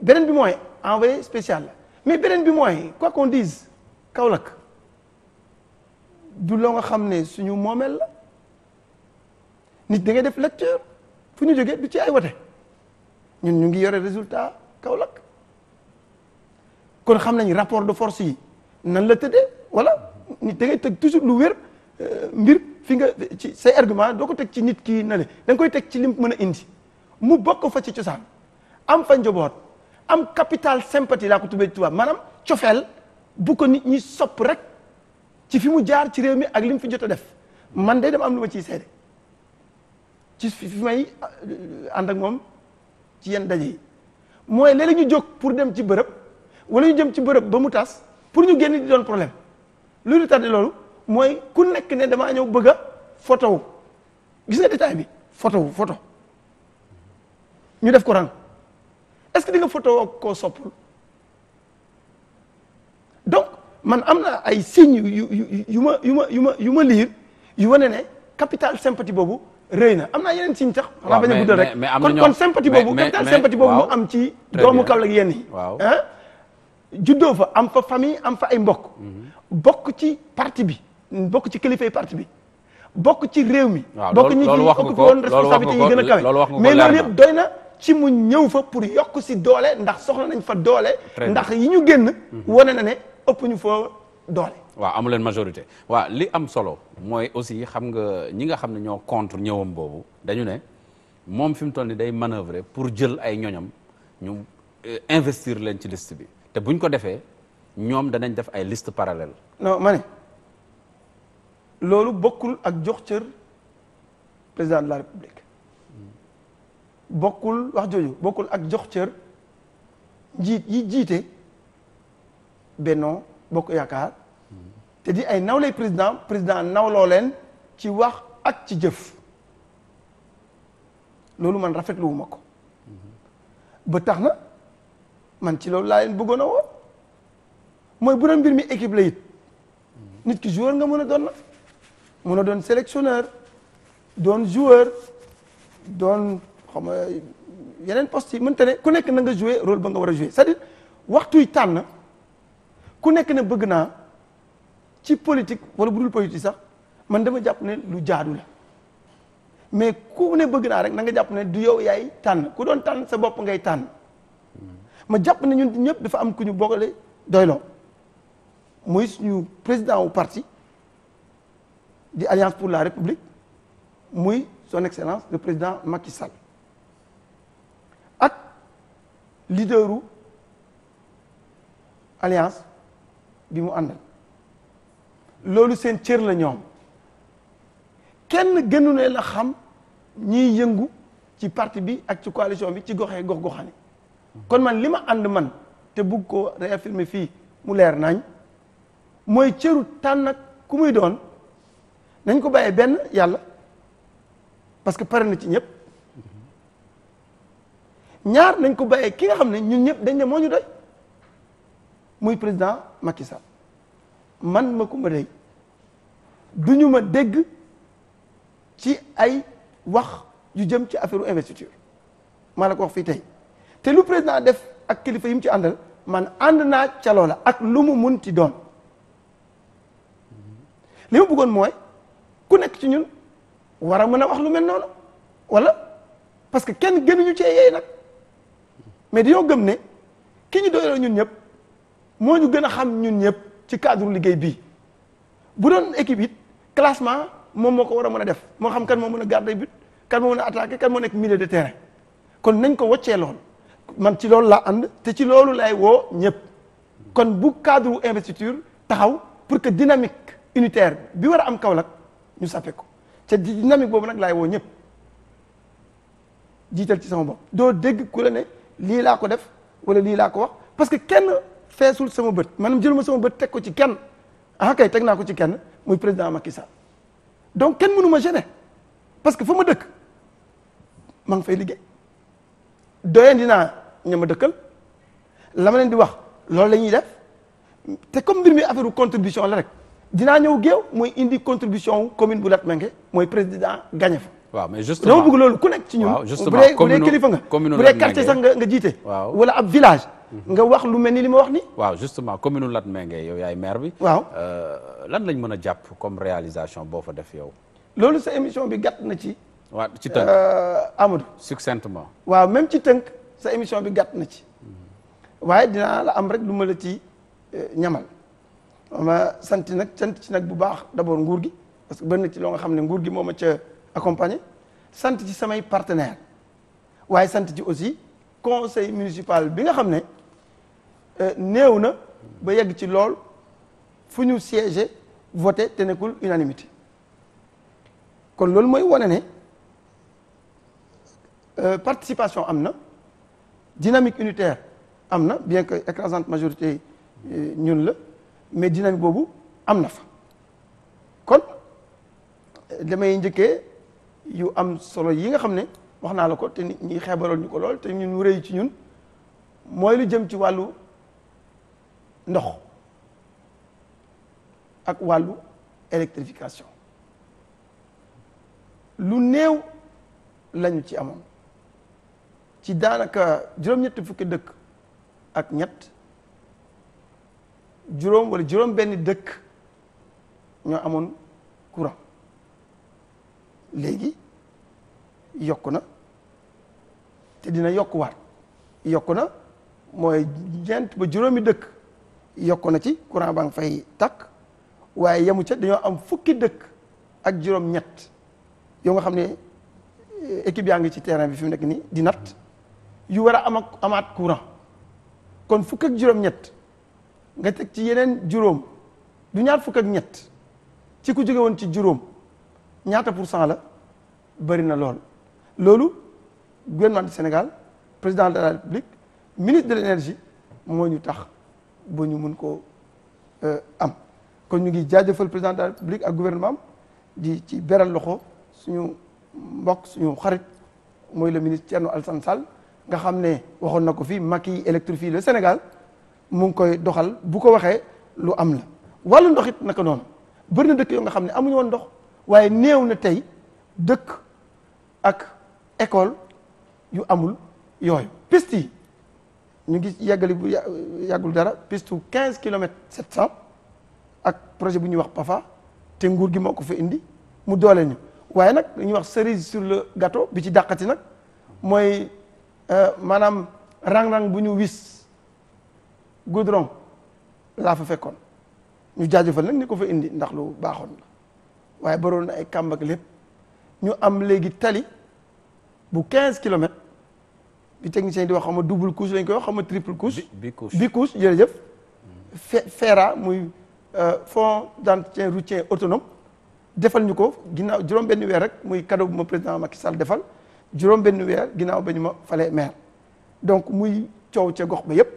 beneen bi mooy envoyé spécial la mais beneen bi mooy quoi qu'on dise Kaolack du loo nga xam ne suñu moomeel la nit da ngay def lecture fu ñu jógee du ci ay wote ñun ñu ngi yore résultat Kaolack kon xam nañ rapport de force yi nan la tëddee wala nit da ngay teg toujours lu wér euh, mbir fi nga ci say argument doo ko teg ci nit kii na le koy teg ci lim mën a indi mu bokk fa ci cosaan am fa njaboot am capital sympathie laa ko tubaab maanaam cofeel bu ko nit ñi sopp rek ci fi mu jaar ci réew mi ak li fi jot a def man day dem am lu ma ciy seede ci fi may uh, ànd ak moom ci yenn daje yi mooy léeg-léeg ñu jóg pour dem ci bërëb wala ñu jëm ci bërëb ba mu tas pour ñu génn di doon problème lu ñu tardé loolu mooy ku nekk ne dama ñëw bëgg a photo wu gis nga détail bi photo wu photo ñu def ko rang est que di nga photo woo koo soppul man am na ay signes yu yu yu ma yu ma yu ma yu ma liir yu wane ne capital sympathie boobu rëy na am naa yeneen signes tax. waaw mais mais guddal rek kon kon sympathie boobu capital sympathie boobu mu am ci doomu Kaolack yenn yi. waaw ah fa am fa famille am fa ay mbokk. Mhm. bokk ci parti bi bokk ci kilifay parti bi. bokk ci réew mi. waaw bokk ñi ci occupé woon responsabilité yi gën a kawe mais loolu yëpp doy na ci mu ñëw fa pour yokk si doole ndax soxla nañ fa doole. ndax yi ñu génn. Mhm. wane na ne ëpp ñu foo doole. waa amu leen majorité waa li am solo mooy aussi xam nga ñi nga xam ne ñoo contre ñëwam boobu dañu ne moom fi mu toll ni day manœuvrer pour jël ay ñoñam ñu euh, investir leen ci liste bi te buñ ko defee ñoom danañ def ay liste parallèle non ma loolu bokkul ak jox cër président de la république bokkul wax ak jox cër yi jiite Benno Bokk Yaakaar te di ay nawlay président président nawloo leen ci wax ak ci jëf loolu man rafetlu wu ma ko ba tax na man ci loolu laa leen a woo mooy bu doon mbir mi équipe la it nit ki joueur nga mën a doon na a doon sélectionneur doon joueur doon xam yeneen poste yi mënta ne ku nekk na nga jouer rôle ba nga war a jouer c'est-à-dire waxtuy ku nekk ne bëgg naa ci politique wala bu dul politique sax man dama jàpp ne lu jaadu mais ku ne bëgg naa rek na nga jàpp ne du yow yaay tànn ku doon tànn sa bopp ngay tànn ma jàpp ne ñun ñëpp dafa am ku ñu boole doyloo muy suñu président wu parti di alliance pour la république muy son excellence le président Macky Sall ak leaderu alliance bi mu àndal loolu seen cër la ñoom kenn gënu leen a xam ñiy yëngu ci parti bi ak ci coalition bi ci goxee gox goxaani kon man li ma ànd man te bugg ko réaffirmer fii mu leer nañ mooy cëru tànn ak ku muy doon nañ ko bàyyee benn yàlla parce que pare na ci ñëpp ñaar nañ ko bàyyee ki nga xam ne ñun ñëpp dañ ne moo ñu doy muy président Macky Sall man Macoumba Dey du ñu ma dégg ci ay wax yu jëm ci affaire investiture maa la ko wax fii tey te lu président def ak kilifa yi mu ci àndal man ànd naa ca ak lu mu ti doon li buggoon mooy ku nekk ci ñun war a mën a wax lu mel noonu wala parce que kenn gënuñu cee yeey nag mais dañoo gëm ne ki ñu doyoo ñun ñëpp. moo ñu gën a xam ñun ñëpp ci cadre liggéey bii bu doon équipe it classement moom moo ko war a mën a def moo xam kan moo mën a garder but kan moo mën a attaquer kan moo nekk milieu de terrain kon nañ ko wàccee lool man ci loolu la ànd te ci loolu lay woo ñëpp kon bu cadre investiture taxaw pour que dynamique unitaire bi war a am kaw Kaolack ñu sappe ko ca dynamique boobu nag laay woo ñëpp jiital ci sama bopp doo dégg ku la ne lii laa ko def wala lii laa ko wax parce que kenn feesul sama bët jël jëluma sama bët teg ko ci kenn ah teg naa ko ci kenn muy président Macky Sall donc kenn mënu ma gêner parce que fa ma dëkk maa ngi fay liggéey doyen dinaa ña ma dëkkal la ma di wax loolu la ñuy def te comme mbir mi affaire contribution la rek dinaa ñëw géew mooy indi contribution commune bu Latmingué mooy président gagné fa. waaw mais justement dama bëgg loolu ku nekk ci ñun. waaw bu dee bu dee bu dee quartier sax nga jiite. wala ab village. nga wax lu mel ni li ma wax ni waaw justement commune Latmingué yow yaay maire bi. waaw euh, lan lañ mën a jàpp comme réalisation boo fa def yow. loolu sa émission bi gàtt na ci. waaw ci tënk euh, Amadou. succinctement. waaw même ci tënk sa émission bi gàtt na ci. Mhm. waaye dinaa la am rek lu ma la ci euh, ñamal. santi nag sant ci nag bu baax d'abord nguur gi parce que bari na ci loo nga xam ne nguur gi moo ma ca accompagner sant ci samay partenaires waaye sant ci aussi conseil municipal bi nga xam ne. Euh, néew na ba yegg ci lool fu ñu siégé voté te nekkul unanimité kon loolu mooy wane ne euh, participation am na dynamique unitaire am na bien que écrasante majorité euh, ñun la mais dynamique boobu am na fa kon damay njëkkee yu am solo yi nga xam ne wax naa la ko te nit ñi xeebaloon ñu ko lool te ñun mu rëy ci ñun mooy lu jëm ci wàllu ndox ak wàllu électrification lu néew lañu ci amoon ci daanaka juróom-ñetti fukki dëkk ak ñett juróom wala juróom benn dëkk ñoo amoon courant léegi yokku na te dina yokkuwaat yokku na mooy ñeent ba juróomi dëkk yokku na ci courant baa nga fay takk waaye yemu ca dañoo am fukki dëkk ak juróom-ñett yoo nga xam ne eh, équipe yaa ngi ci terrain bi fi mu nekk nii di natt yu war a am ak amaat courant kon fukk ak juróom-ñett nga teg ci yeneen juróom du ñaar fukk ak ñett ci ku jóge woon ci juróom ñaata pour cent la bëri na lool loolu gouvernement du Sénégal président de la République ministre de l'énergie moo ñu tax. ba ñu mun koo euh, am kon ñu ngi jaajëfal président de ak gouvernement am di ci beral loxo suñu mbokk suñu xarit mooy le ministre Thierno Alassane Sall nga xam ne waxoon na ko fii Macky électrifie le Sénégal mu ngi koy doxal bu ko waxee lu am la wàllu ndoxit it naka noonu bëri na dëkk yoo nga xam ne amuñu woon ndox waaye néew na tey dëkk ak école yu amul yooyu piste yi ñu ngi yàggali bu yaggul dara quinze 15 kilomètres 700 ak projet bu ñuy wax PAFA te nguur gi moo ko fa indi mu doole ñu waaye nag ñuy wax cerise sur le gâteau bi ci dàqati nag mooy euh, maanaam rang-rang bu ñu wis goudron laa fa fekkoon ñu jaajëfal nag ni ko fa indi ndax lu baaxoon la waaye baroon na ay kàmb ak ñu am léegi tali bu quinze kilomètres. bi technicien di wax xam nga double couche lañ koy wax xam nga triple couche. bi couche bi couche jërëjëf. FERA muy euh, fonds d'entretien routier autonome defal ñu ko ginnaaw juróom benn weer rek muy cadeau bu ma président Macky Sall defal juróom benn weer ginnaaw ba ñu ma fale maire donc muy coow ce gox ba yépp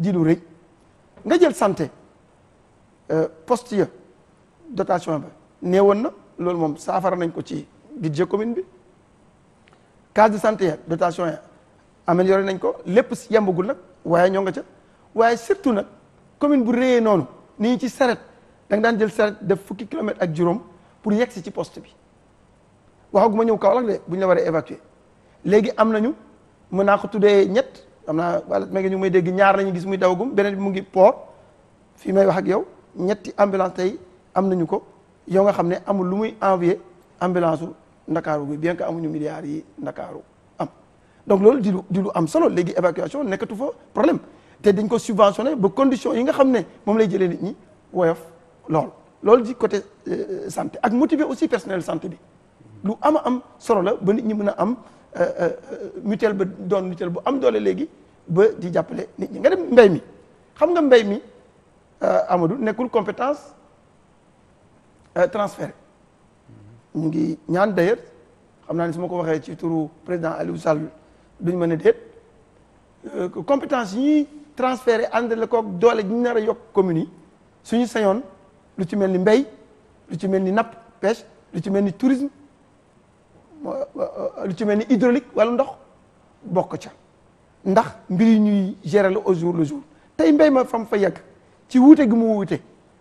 ji lu nga jël santé euh, poste ya dotation ba néewoon na loolu moom saafara nañ ko ci budget commune bi case de santé ya dotation ya amélioré nañ ko lépp si yembagul nag waaye ñoo nga ca waaye surtout nag commune bu réyee noonu nii ci saret da nga daan jël saret def fukki kilomètre ak juróom pour yegg si ci post bi waxaguma ñëw Kaolack de bu ñu la waree évacuer léegi am nañu mën naa ko tuddee ñett am naa wala ma ñu may dégg ñaar lañu gis muy dawagum beneen bi mu ngi port fii may wax ak yow ñetti ambulance tey am nañu ko yow nga xam ne amul lu muy envoyer ambulance u Ndakaaru bi bien que amuñu milliards yi Ndakaaru donc loolu di lu lu am solo léegi évacuation nekkatu fa problème te dañ ko subventionné ba condition yi nga xam ne moom lay jëlee nit ñi woyof lool loolu di côté euh, santé ak motiver aussi personnel santé bi lu ama am solo la ba nit ñi mën a am euh, euh, mutuelle ba doon mutuelle bu am doole léegi ba di jàppale nit ñi nga dem mbay mi xam nga mbay mi Amadou nekkul compétence transférée ñu ngi ñaan d'ailleurs xam naa ni su ma ko waxee ci turu président Aliou Sall duñ mën a déet euh, compétence yi ñuy transféré ànd la doole ñu nar a yokk commune yi suñu sañoon lu ci mel ni mbéy lu ci mel ni napp pêche lu ci mel ni tourisme euh, lu ci mel ni hydraulique wala ndox bokk ca ndax mbir yi ñuy gérer la au jour le jour tey mbéy ma fam fa yàgg ci wuute gi mu wuute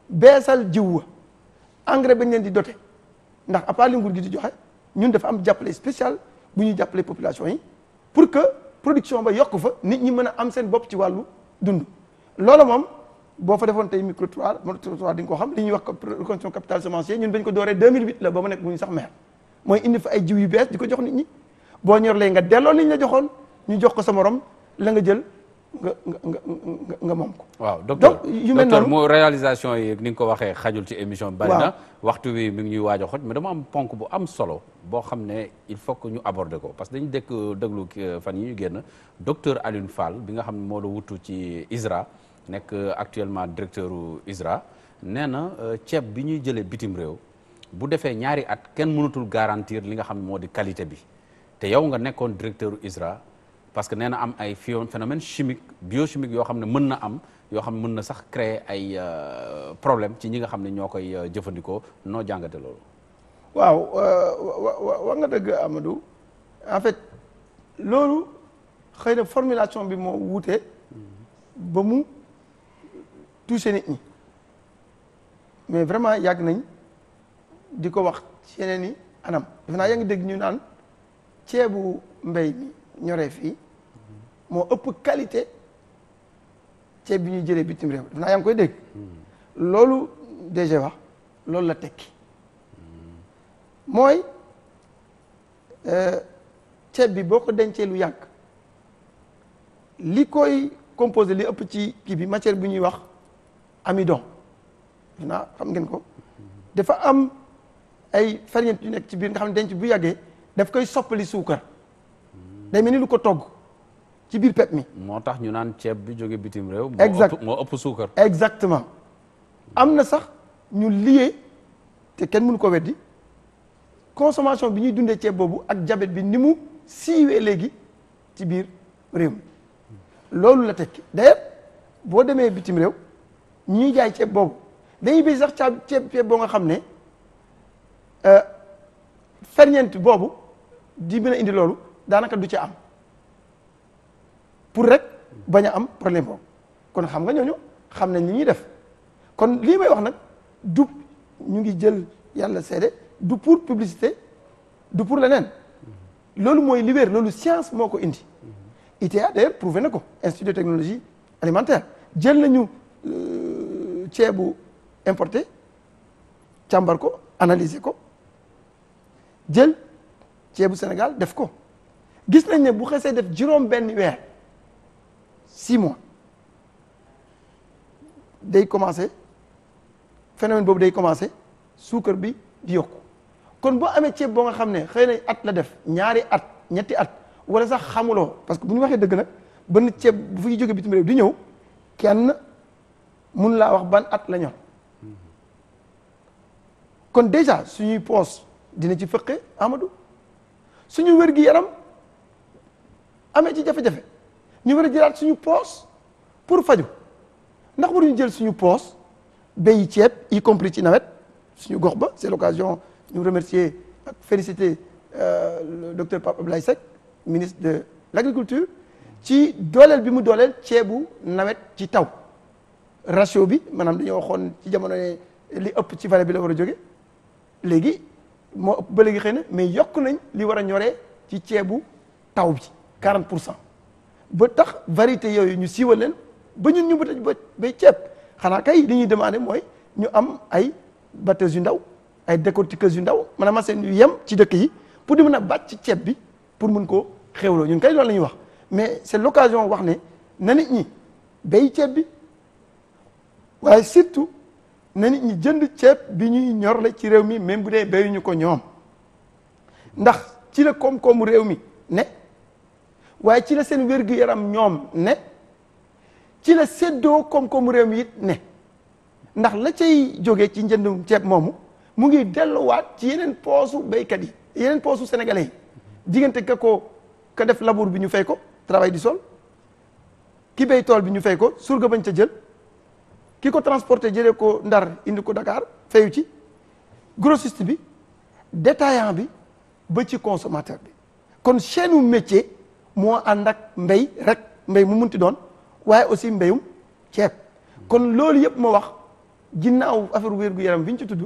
beesal jiw wa engrais bañ leen di dote ndax à part li nguur gi di joxe ñun dafa am jàppale spécial bu ñuy jàppale population yi pour que production ba yokk fa nit ñi mën a am seen bopp ci wàllu dund loolu moom boo fa defoon tey micro trottoir trottoir di nga ko xam li ñuy wax reconstruction capital semencier ñun bañ ko dooree 2008 la ba mu nekk bu ñu sax maire mooy indi fa ay jiw yu bees di ko jox nit ñi boo ñor lay nga delloo li ñu la joxoon ñu jox ko sa morom la nga jël nga nga nga nga moom ko. waaw docteur mu réalisation yi ni nga ko waxee xajul ci émission bi. bari na waxtu wi mi ngi ñuy waaj a xoj mais dama am ponk bu am solo boo xam ne il faut que ñu aborder ko parce que dañu dëkk déglu euh, fan yi ñu génn docteur Alioune Fall bi nga xam ne moo la wutu ci ISRA nekk euh, actuellement directeur u ISRA nee na euh, ceeb bi ñuy jëlee bitim réew bu defee ñaari at kenn mënatul garantir li nga xam moo di qualité bi te yow nga nekkoon directeur ISRA. parce que nee na am ay phénomène chimique biochimique yoo xam ne mën na am yoo xam ne mën na sax créer ay euh, problème ci ñi nga xam ne ñoo koy euh, jëfandikoo noo jàngate loolu waaw euh, wa nga dëgg Amadou en fait loolu xëy na formulation bi moo wuute ba mu touché nit ñi mais vraiment yàgg nañ di ko wax ci yeneen i anam naa yaa ngi dégg ñu naan ceebu mbay mi ñoree fii moo ëpp qualité ceeb bi ñuy jëlee bitim réew daf naa yaa ngi koy dégg loolu DG wax loolu la tekki mooy euh, ceeb bi boo ko dencee lu yàgg li koy composé li ëpp ci kii bi matière bi ñuy wax ami amidon naa xam ngeen ko dafa am ay ferñeent yu nekk ci biir nga xam ne denc bu yàggee daf koy soppali suukar day mel ni lu ko togg ci biir pep mi. moo tax ñu naan ceeb bi jóge bitim réew. exact moo ëpp suukar. exactement am na sax ñu lié te kenn mënu ko weddi consommation bi ñuy dundee ceeb boobu ak jabet bi ni mu siiwee léegi ci biir réew loolu la tekki d'ailleurs boo demee bitim réew ñuy jaay ceeb boobu dañuy béy sax ceeb ceeb boo nga xam ne euh, ferñeent boobu di mën indi loolu daanaka du ca am. pour rek bañ am problème boobu kon xam nga ñooñu xam nañ li ñuy def kon lii may wax nag du ñu ngi jël yàlla seede du pour publicité du pour leneen loolu mooy li wér loolu science moo ko indi ITA d'ailleurs prouvé na ko institut de technologie alimentaire jël nañu euh, ceebu importé càmbar ko analyser ko jël ceebu Sénégal def ko gis nañ ne bu xesee def juróom benn weer six day commencé phénomène boobu day commencé suukar bi di yokk kon boo amee ceeb boo nga xam ne xëy na at la def ñaari at ñetti at wala sax xamuloo parce que bu ñu waxee dëgg nag benn ceeb bu fi jóge bitim réew di ñëw kenn mun laa wax ban at la ñor kon déjà suñuy poos dina ci fëqe Amadou suñu wér-gi-yaram amee ci jafe-jafe ñu war a jëlaat suñu poos pour fajo ndax waruñu jël suñu poos béy ceeb yi compris ci nawet suñu gox ba c'est l'occasion ñu remercier ak féliciter euh, le docteur Pape Abdoulaye Seck ministre de l'agriculture ci dooleel bi mu dooleel ceebu nawet ci taw ratio bi maanaam dañoo waxoon ci jamono li ëpp ci vallée bi la war a jóge léegi moo ëpp ba léegi xëy na mais yokk nañ li war a ñoree ci ceebu taw bi 40 pour cent ba tax variété yooyu ñu siiwal leen ba ñun ñu bëta ba bay ceeb xanaa kay li ñuy demandé mooy ñu am ay batteuses yu ndaw ay décortiqueuses yu ndaw maanaam machine yu yem ci dëkk yi pour di mën a bàcc ceeb bi pour mun koo xéwloo ñun kay loolu la ñuy wax mais c'est l'occasion wax ne na nit ñi bay ceeb bi waaye surtout na nit ñi jënd ceeb bi ñuy ñor la ci réew mi même bu dee béyuñu ko ñoom ndax ci la koom-koomu réew mi ne waaye ci la seen wér-gu-yaram ñoom ne ci la séddoo koom-koomu réew mi ne ndax la cay jógee ci njëndum ceeb moomu mu ngi delluwaat ci yeneen poosu béykat yi yeneen poosu sénégalais yi diggante ka ko ka def labour bi ñu fay ko travail du sol ki bay tool bi ñu fay ko surga bañ ca jël ki ko transporté jëlee ko ndar indi ko Dakar fayu ci grossiste bi détaillant bi ba ci consommateur bi kon chaîne métier moo ànd ak mbéy rek mbéy mu munti doon waaye aussi mbéyum ceeb kon loolu yëpp ma wax ginnaaw affaire wér-gu-yaram bi ñu ci tudd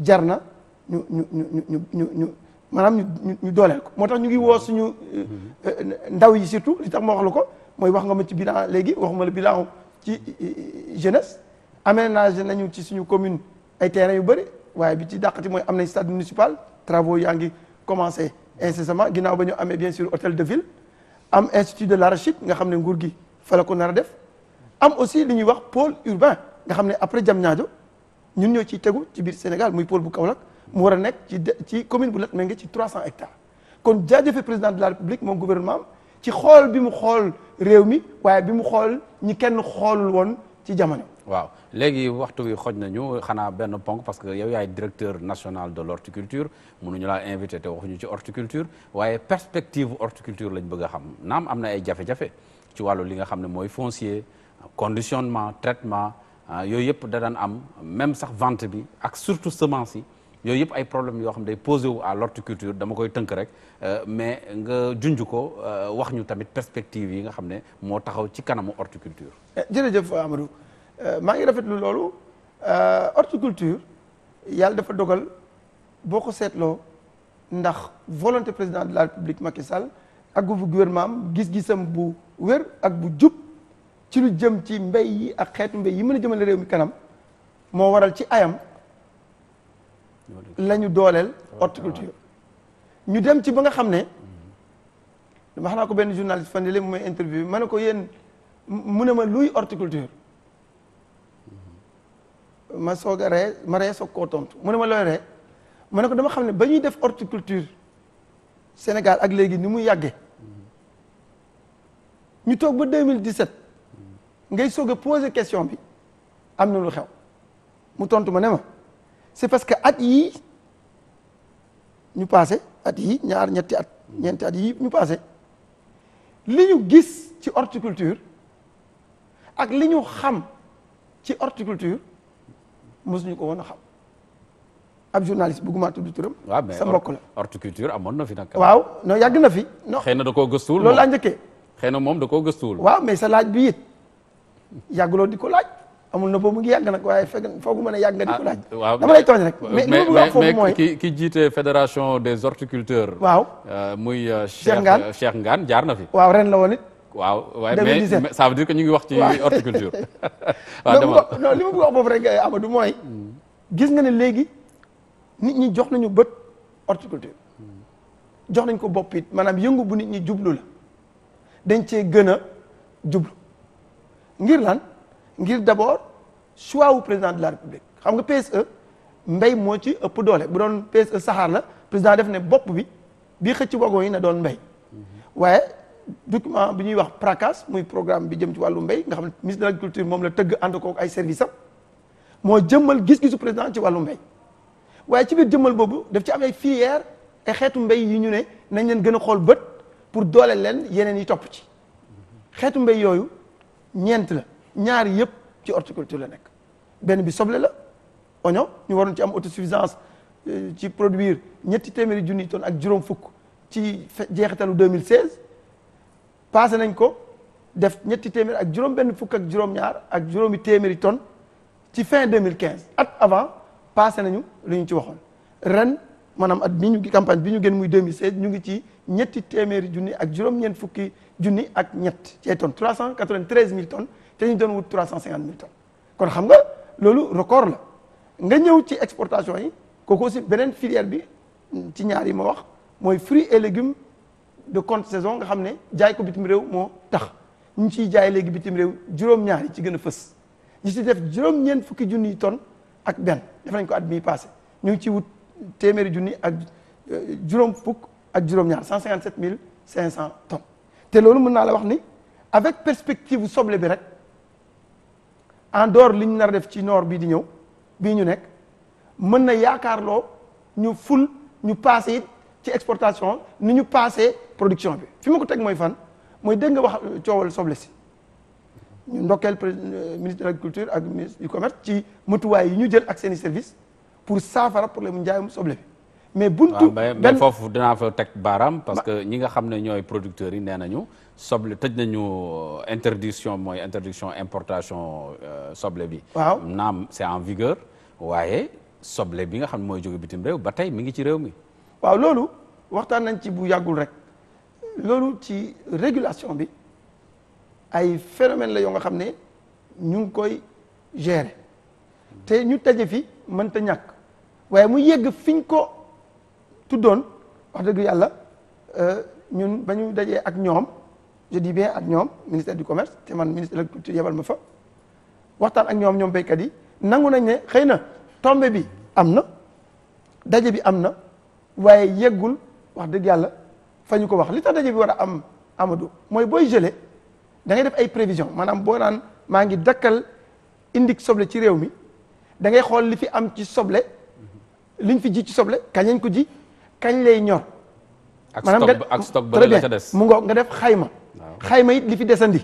jar na ñu ñu ñu ñu ñu maanaam ñu ñu dooleel ko moo tax ñu ngi woo suñu euh, euh, ndaw yi surtout li tax ma wax la ko mooy wax nga ma ci bilan léegi waxuma la bilan ci euh, jeunesse aménagé nañu ci suñu commune ay terrain yu bëri waaye bi ci dàqati mooy am nañ stade municipal travaux yaa ngi commencé incessamment ginnaaw ba ñu ame bien sûr hôtel de ville am institut de l'arachide nga xam ne nguur gi fa ko nar a am aussi li ñuy wax pôle urbain nga xam ne après Diamniadio ñun ñoo ciy tegu ci biir Sénégal muy pôle bu Kaolack mu war a nekk ci ci commune bu Latmingué ci trois 300 hectares kon jaajëfe président de la République moom gouvernement ci xool bi mu xool réew mi waaye bi mu xool ñi kenn xoolul woon ci jamono. waaw léegi waxtu wi xoj nañu xanaa benn ponk parce que yow yaay directeur national de l'horticulture mënuñu laa invité te waxuñu ci horticulture waaye perspective horticulture lañ bëgg a xam naam am na ay jafe-jafe ci wàllu li nga xam ne mooy foncier conditionnement traitement ah, yooyu yëpp da daan am même sax vente bi ak surtout semence yi yooyu yëpp ay problème yoo xam day posé wu à l'horticulture dama koy tënk rek euh, mais nga junj ko euh, wax ñu tamit perspective yi nga xam ne moo taxaw ci kanamu horticulture. Eh, Euh, maa ngi rafetlu loolu euh, horticulture yàlla dafa dogal boo ko seetloo ndax volonté président de la république Macky Sall ak bu gouvernement am gis-gisam bu wér ak bu jub ci lu jëm ci mbéy yi ak xeetu mbéy yi mën a jëmale réew mi kanam moo waral ci ayam la ñu dooleel horticulture ñu dem ci ba nga xam ne dama wax naa ko benn journaliste fan yële mu may interview ma ne ko yéen mu ne ma luy horticulture ma soog a ree ma ree soog koo tontu mu ne ma looy ree ma ne ko dama xam ne ba ñuy def horticulture Sénégal ak léegi ni mu yàggee ñu toog ba 2017 ngay soog a poser question bi am na lu xew mu tontu ma ne ma c'est parce que at yii ñu passé at yii ñaar ñetti at ñeenti at yii ñu passé li ñu gis ci horticulture ak li ñu xam ci horticulture mosuñu ko woon a xam ab journaliste bëgguma tudd turam. sa mbokk la horticulture amoon na fi nag. waaw non yàgg na fi. non xëy na da koo gëstuwul loolu laa njëkkee. xëy na moom da koo gëstuwul. waaw mais sa laaj bi it yàgguloo di ko laaj. amul na boobu mu ngi yàgg nag waaye fekk foogu mën a yàgg nga di ah, laaj. waaw dama lay tooñ rek. mais ki ki jiite fédération des horticulteurs. waaw euh, muy. Euh, Cheikh Ngane euh, Cheikh Ngane jaar na fi. waaw ren la woon waaw waaye mais ça veut dire ñu ngi wax ci horticulture. *laughs* *laughs* waaw dama non li ma bëgg wax boobu rek eh, Amadou mooy. Hmm. gis nga ne léegi nit ñi jox nañu bët horticulture. Hmm. jox nañ ko bopp it maanaam yëngu bu nit ñi jublu la dañ cee gën a jublu ngir lan ngir d'abord choix wu président de la république xam nga PSE mbey moo ci ëpp doole bu doon PSE saxaar la président def ne bopp bi bii xëcc wagon yi na doon mbay hmm. waaye. document bi ñuy wax PRACAS muy programme bi jëm ci wàllu mbéy nga xam ne ministre de l'agriculture moom la tëgg ànd kook ay service am moo jëmmal gis-gisu président ci wàllu mbéy waaye ci biir jëmmal boobu daf ci amee ay ay xeetu mbéy yi ñu ne nañ leen gën a xool bët pour dooleel leen yeneen yi topp ci xeetu mbéy yooyu ñeent la ñaari yëpp ci horticulture la nekk benn bi soble la oignon ñu waroon ci am autosuffisance euh, ci produire ñetti téeméeri junni ak juróom fukk ci jeexitalu 2016 passé nañ ko def ñetti téeméer ak juróom benn fukk ak juróom-ñaar ak juróomi téeméeri tonnes ci fin 2015 at avant passé nañu lu ñu ci waxoon ren maanaam at bi ñu campagne bi ñu gën muy 2016 ñu ngi ci ñetti téeméeri junni ak juróom-ñeent fukki junni ak ñett ci ay tonnes 393000 tonnes te ñu doon wut 350000 tonnes kon xam nga loolu record la nga ñëw ci exportation yi kooku aussi beneen filière bi ci ñaar yi ma wax mooy fruits et légumes de compte saison nga xam ne jaay ko bitim réew moo tax ñu ciy jaay léegi bitim réew juróom-ñaar yi ci gën a fës ñu ci def juróom-ñeent fukki junni tonnes ak benn def nañ ko at bii passé ñu ngi ci wut téeméeri junni ak euh, juróom fukk ak juróom-ñaar cent cinquante sept cent tonnes te loolu mën naa la wax ni avec perspective soble bi rek en dehors li ñu nar def ci noor bii di ñëw bi ñu nekk mën na yaakaarloo ñu ful ñu passé it ci exportation ni ñu passé production bi fi ma ko teg mooy fan mooy dégg nga wax euh, coowal soble si ñu ndokkeel euh, ministre de l'agriculture ak ministre du commerce ci matuwaay yi ñu jël ak service pour saafara problème mu njaayum soble bi mais buntu benn foofu dinaa fa teg baaraam parce que ñi nga xam ne ñooy producteurs yi nee nañu soble tëj nañu euh, interdiction mooy interdiction importation soble bi waaw naam c'est en vigueur waaye soble bi nga xam ne mooy jóge bitim réew ba tey mi ngi ci réew mi waaw loolu waxtaan nañ ci bu yàggul rek loolu ci régulation bi ay phénomène la yoo nga xam ne ñu ngi koy gérer te ñu taje fi mënta ñàkk waaye mu yegg fiñ ko tuddoon wax dëgg yàlla euh, ñun ba ñu dajee ak ñoom je dis bien ak ñoom ministère du commerce te man ministère de la culture yebal ma fa waxtaan ak ñoom ñoom béykat yi nangu nañ ne xëy na tombe bi am na daje bi am na waaye yeggul wax dëgg yàlla fa ñu ko wax li tax daje bi war a am Amadou mooy booy gelé da def ay prévision maanaam boo naan maa ngi dakkal indik soble ci réew mi da ngay xool li fi am ci soble liñ fi ji ci soble kañ lañ ko ji kañ lay ñor. maanaam ak stock ba la ca des mu ngoog nga def xayma. xayma it li fi desandi.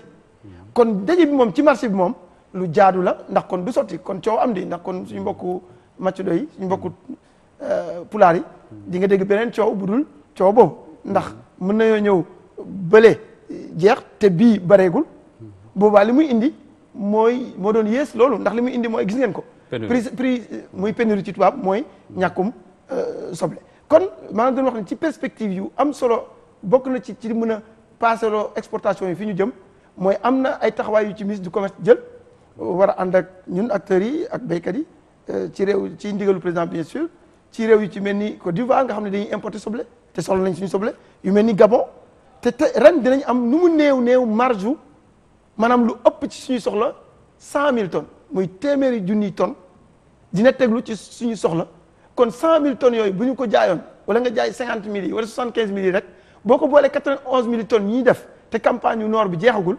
kon daje bi moom ci marché bi moom lu jaadu la ndax kon du sotti kon coow am di ndax kon suñu mbokku macado yi suñu mbokku euh, pulaar yi. di nga dégg beneen coow bu dul coow boobu. ndax mën nañoo ñëw bële jeex te bii bareegul boobaa li muy indi mooy moo doon yées loolu ndax li muy indi mooy gis ngeen ko prix prix muy pénurie ci tubaab mooy ñàkkum euh, soble kon maanaam doon wax ne ci perspective yu am solo bokk na ci ci mën a passeloo exportation yi fi ñu jëm mooy am na ay taxawaay yu ci ministre du commerce jël war a ànd ak ñun acteurs yi ak béykat yi euh, ci réew ci ndigalu président bien sûr ci réew yu ci mel ni Côte d'Ivoire nga xam ne dañuy importer soble te soxla nañ suñu soble yu mel ni Gabon te te ren dinañ am nu mu néew néew marge maanaam lu ëpp ci suñu soxla cent mille tonnes muy téeméeri junniy tonnes dina teglu ci suñu soxla kon cent mille tonnes yooyu bu ñu ko jaayoon wala nga jaay cinquante milli yi wala soixante quinze mille rek boo ko boolee quatre vingt onze mille tonnes ñuy def te campagne yu noor bi jeexagul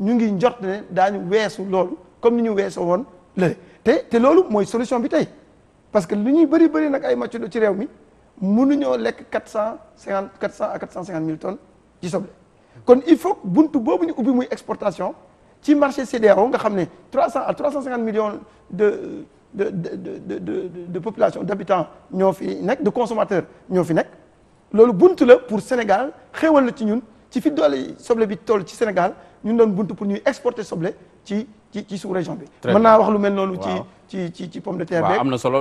ñu ngi njort ne daañu weesu loolu comme ni ñu weesoo woon lële te te loolu mooy solution bi tey parce que lu ñuy bëri bëri nag ay machado ci réew mi mënuñoo lekk quatre cent cinquante quatre cent à quatre cent cinquante mille tonnes ci soble kon il faut buntu boobu ñu ubbi muy exportation ci marché CEDEAO nga xam ne trois cent à trois cent de de de de de de population d' habitants ñoo fi nekk de consommateurs ñoo fi nekk loolu buntu la pour Sénégal xéewal la ci ñun ci fi doole soble bi toll ci Sénégal ñun doon buntu pour ñuy exporter soble ci ci ci sous région bi. mën naa wax lu mel noonu ci. ci ci ci pomme de terre beeg. am na solo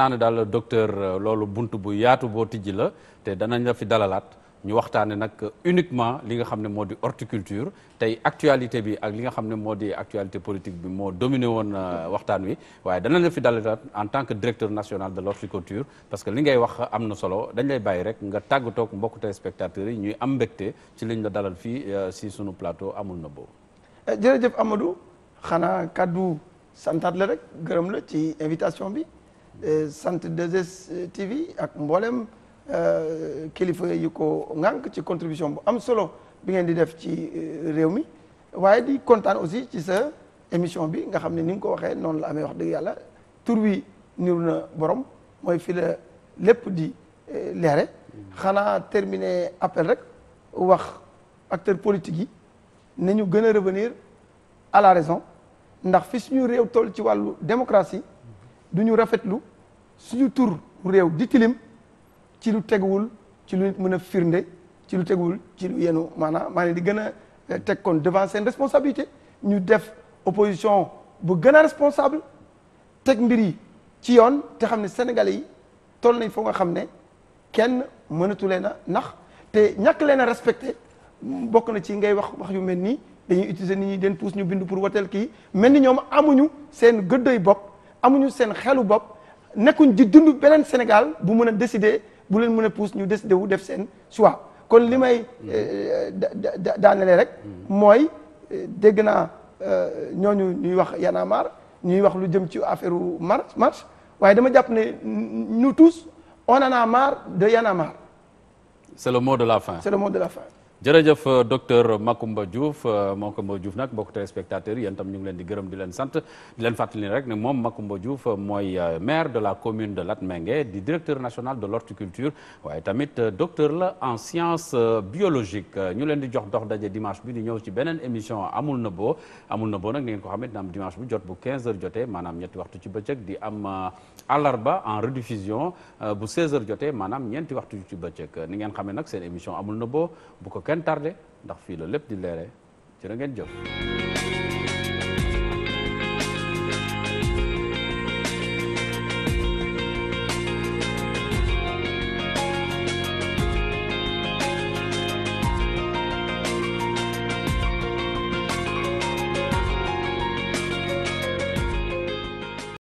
naa ne daal docteur euh, loolu bunt bu yaatu boo tijji la te danañ la fi dalalaat. ñu waxtaane nag uniquement li nga xam ne moo di horticulture tey actualité bi ak li nga xam ne moo di actualité politique bi moo dominé woon euh, waxtaan wi waaye dana la fi dalalaat en tant que directeur national de l'horticulture parce que li ngay wax am na solo dañ lay bàyyi rek nga tàggatoog mbokku téléspectateurs yi ñuy am mbégte ci liñ la dalal fii euh, si sunu plateau amul na boobu eh, jërëjëf Amadou xanaa kaddu santaat la rek gërëm la ci invitation bi euh, sant 2S TV ak mboolem euh, kilifa yi ko ŋànk ci contribution bu am solo bi ngeen di def ci euh, réew mi waaye di kontaan aussi ci sa émission bi nga xam ne ni nga ko waxee noonu la amee wax dëgg yàlla tur wi niru na borom mooy fi la lépp di leere xanaa terminer appel rek wax acteur politiques yi nañu gën a revenir à la raison ndax fi suñu réew tool ci wàllu démocratie du ñu rafetlu suñu tur réew di tilim ci lu teguwul ci lu nit a firnde ci lu teguwul ci lu yenu ma maanaam di gën a eh, teg koon devant seen responsabilité ñu def opposition bu gën a responsable teg mbir yi ci yoon te xam ne sénégal yi toll nañ foo nga xam ne kenn mënatu leen a nax te ñàkk leen a respecté bokk na ci ngay wax wax yu mel nii dañuy utiliser nit ñuy den pousse ñu bindu pour woteel kii mel ni ñoom amuñu seen gëddëy bopp amuñu seen xelu bopp nekkuñ di dund beneen Sénégal bu mën a décider bu leen mën a pousse ñu décider wu def seen choix kon li may mm-hmm. euh, daanele rek mm-hmm. mooy euh, dégg naa euh, ñooñu ñuy wax Y'en a ñuy wax lu jëm ci affaire marche marche waaye dama jàpp ne nous tous on en a marre de Y'en a marre. c'est le mot la fin. c'est le mot de la fin. jërëjëf euh, docteur Macoumba Diouf euh, Macoumba Diouf nag mbokk téléspectateurs yéen tam ñu ngi leen di gërëm di leen sant di leen fàttali rek ne moom Macoumba Diouf mooy euh, maire de la commune de Latmingué di directeur national de l'horticulture waaye tamit docteur la en sciences biologique ñu leen di jox dox daje dimanche bi di ñëw ci beneen émission amul na boo amul na boo nag ni ngeen ko xam ne dimanche bu jot bu 15 heures jotee maanaam ñetti waxtu ci bëccëg di am àllarba en rediffusion bu 16 heures jotee maanaam ñeenti waxtu ci bëccëg ni ngeen xam nag seen émission amul na boo kenn tardé ndax fii la lépp di leere jërë ngeen jëf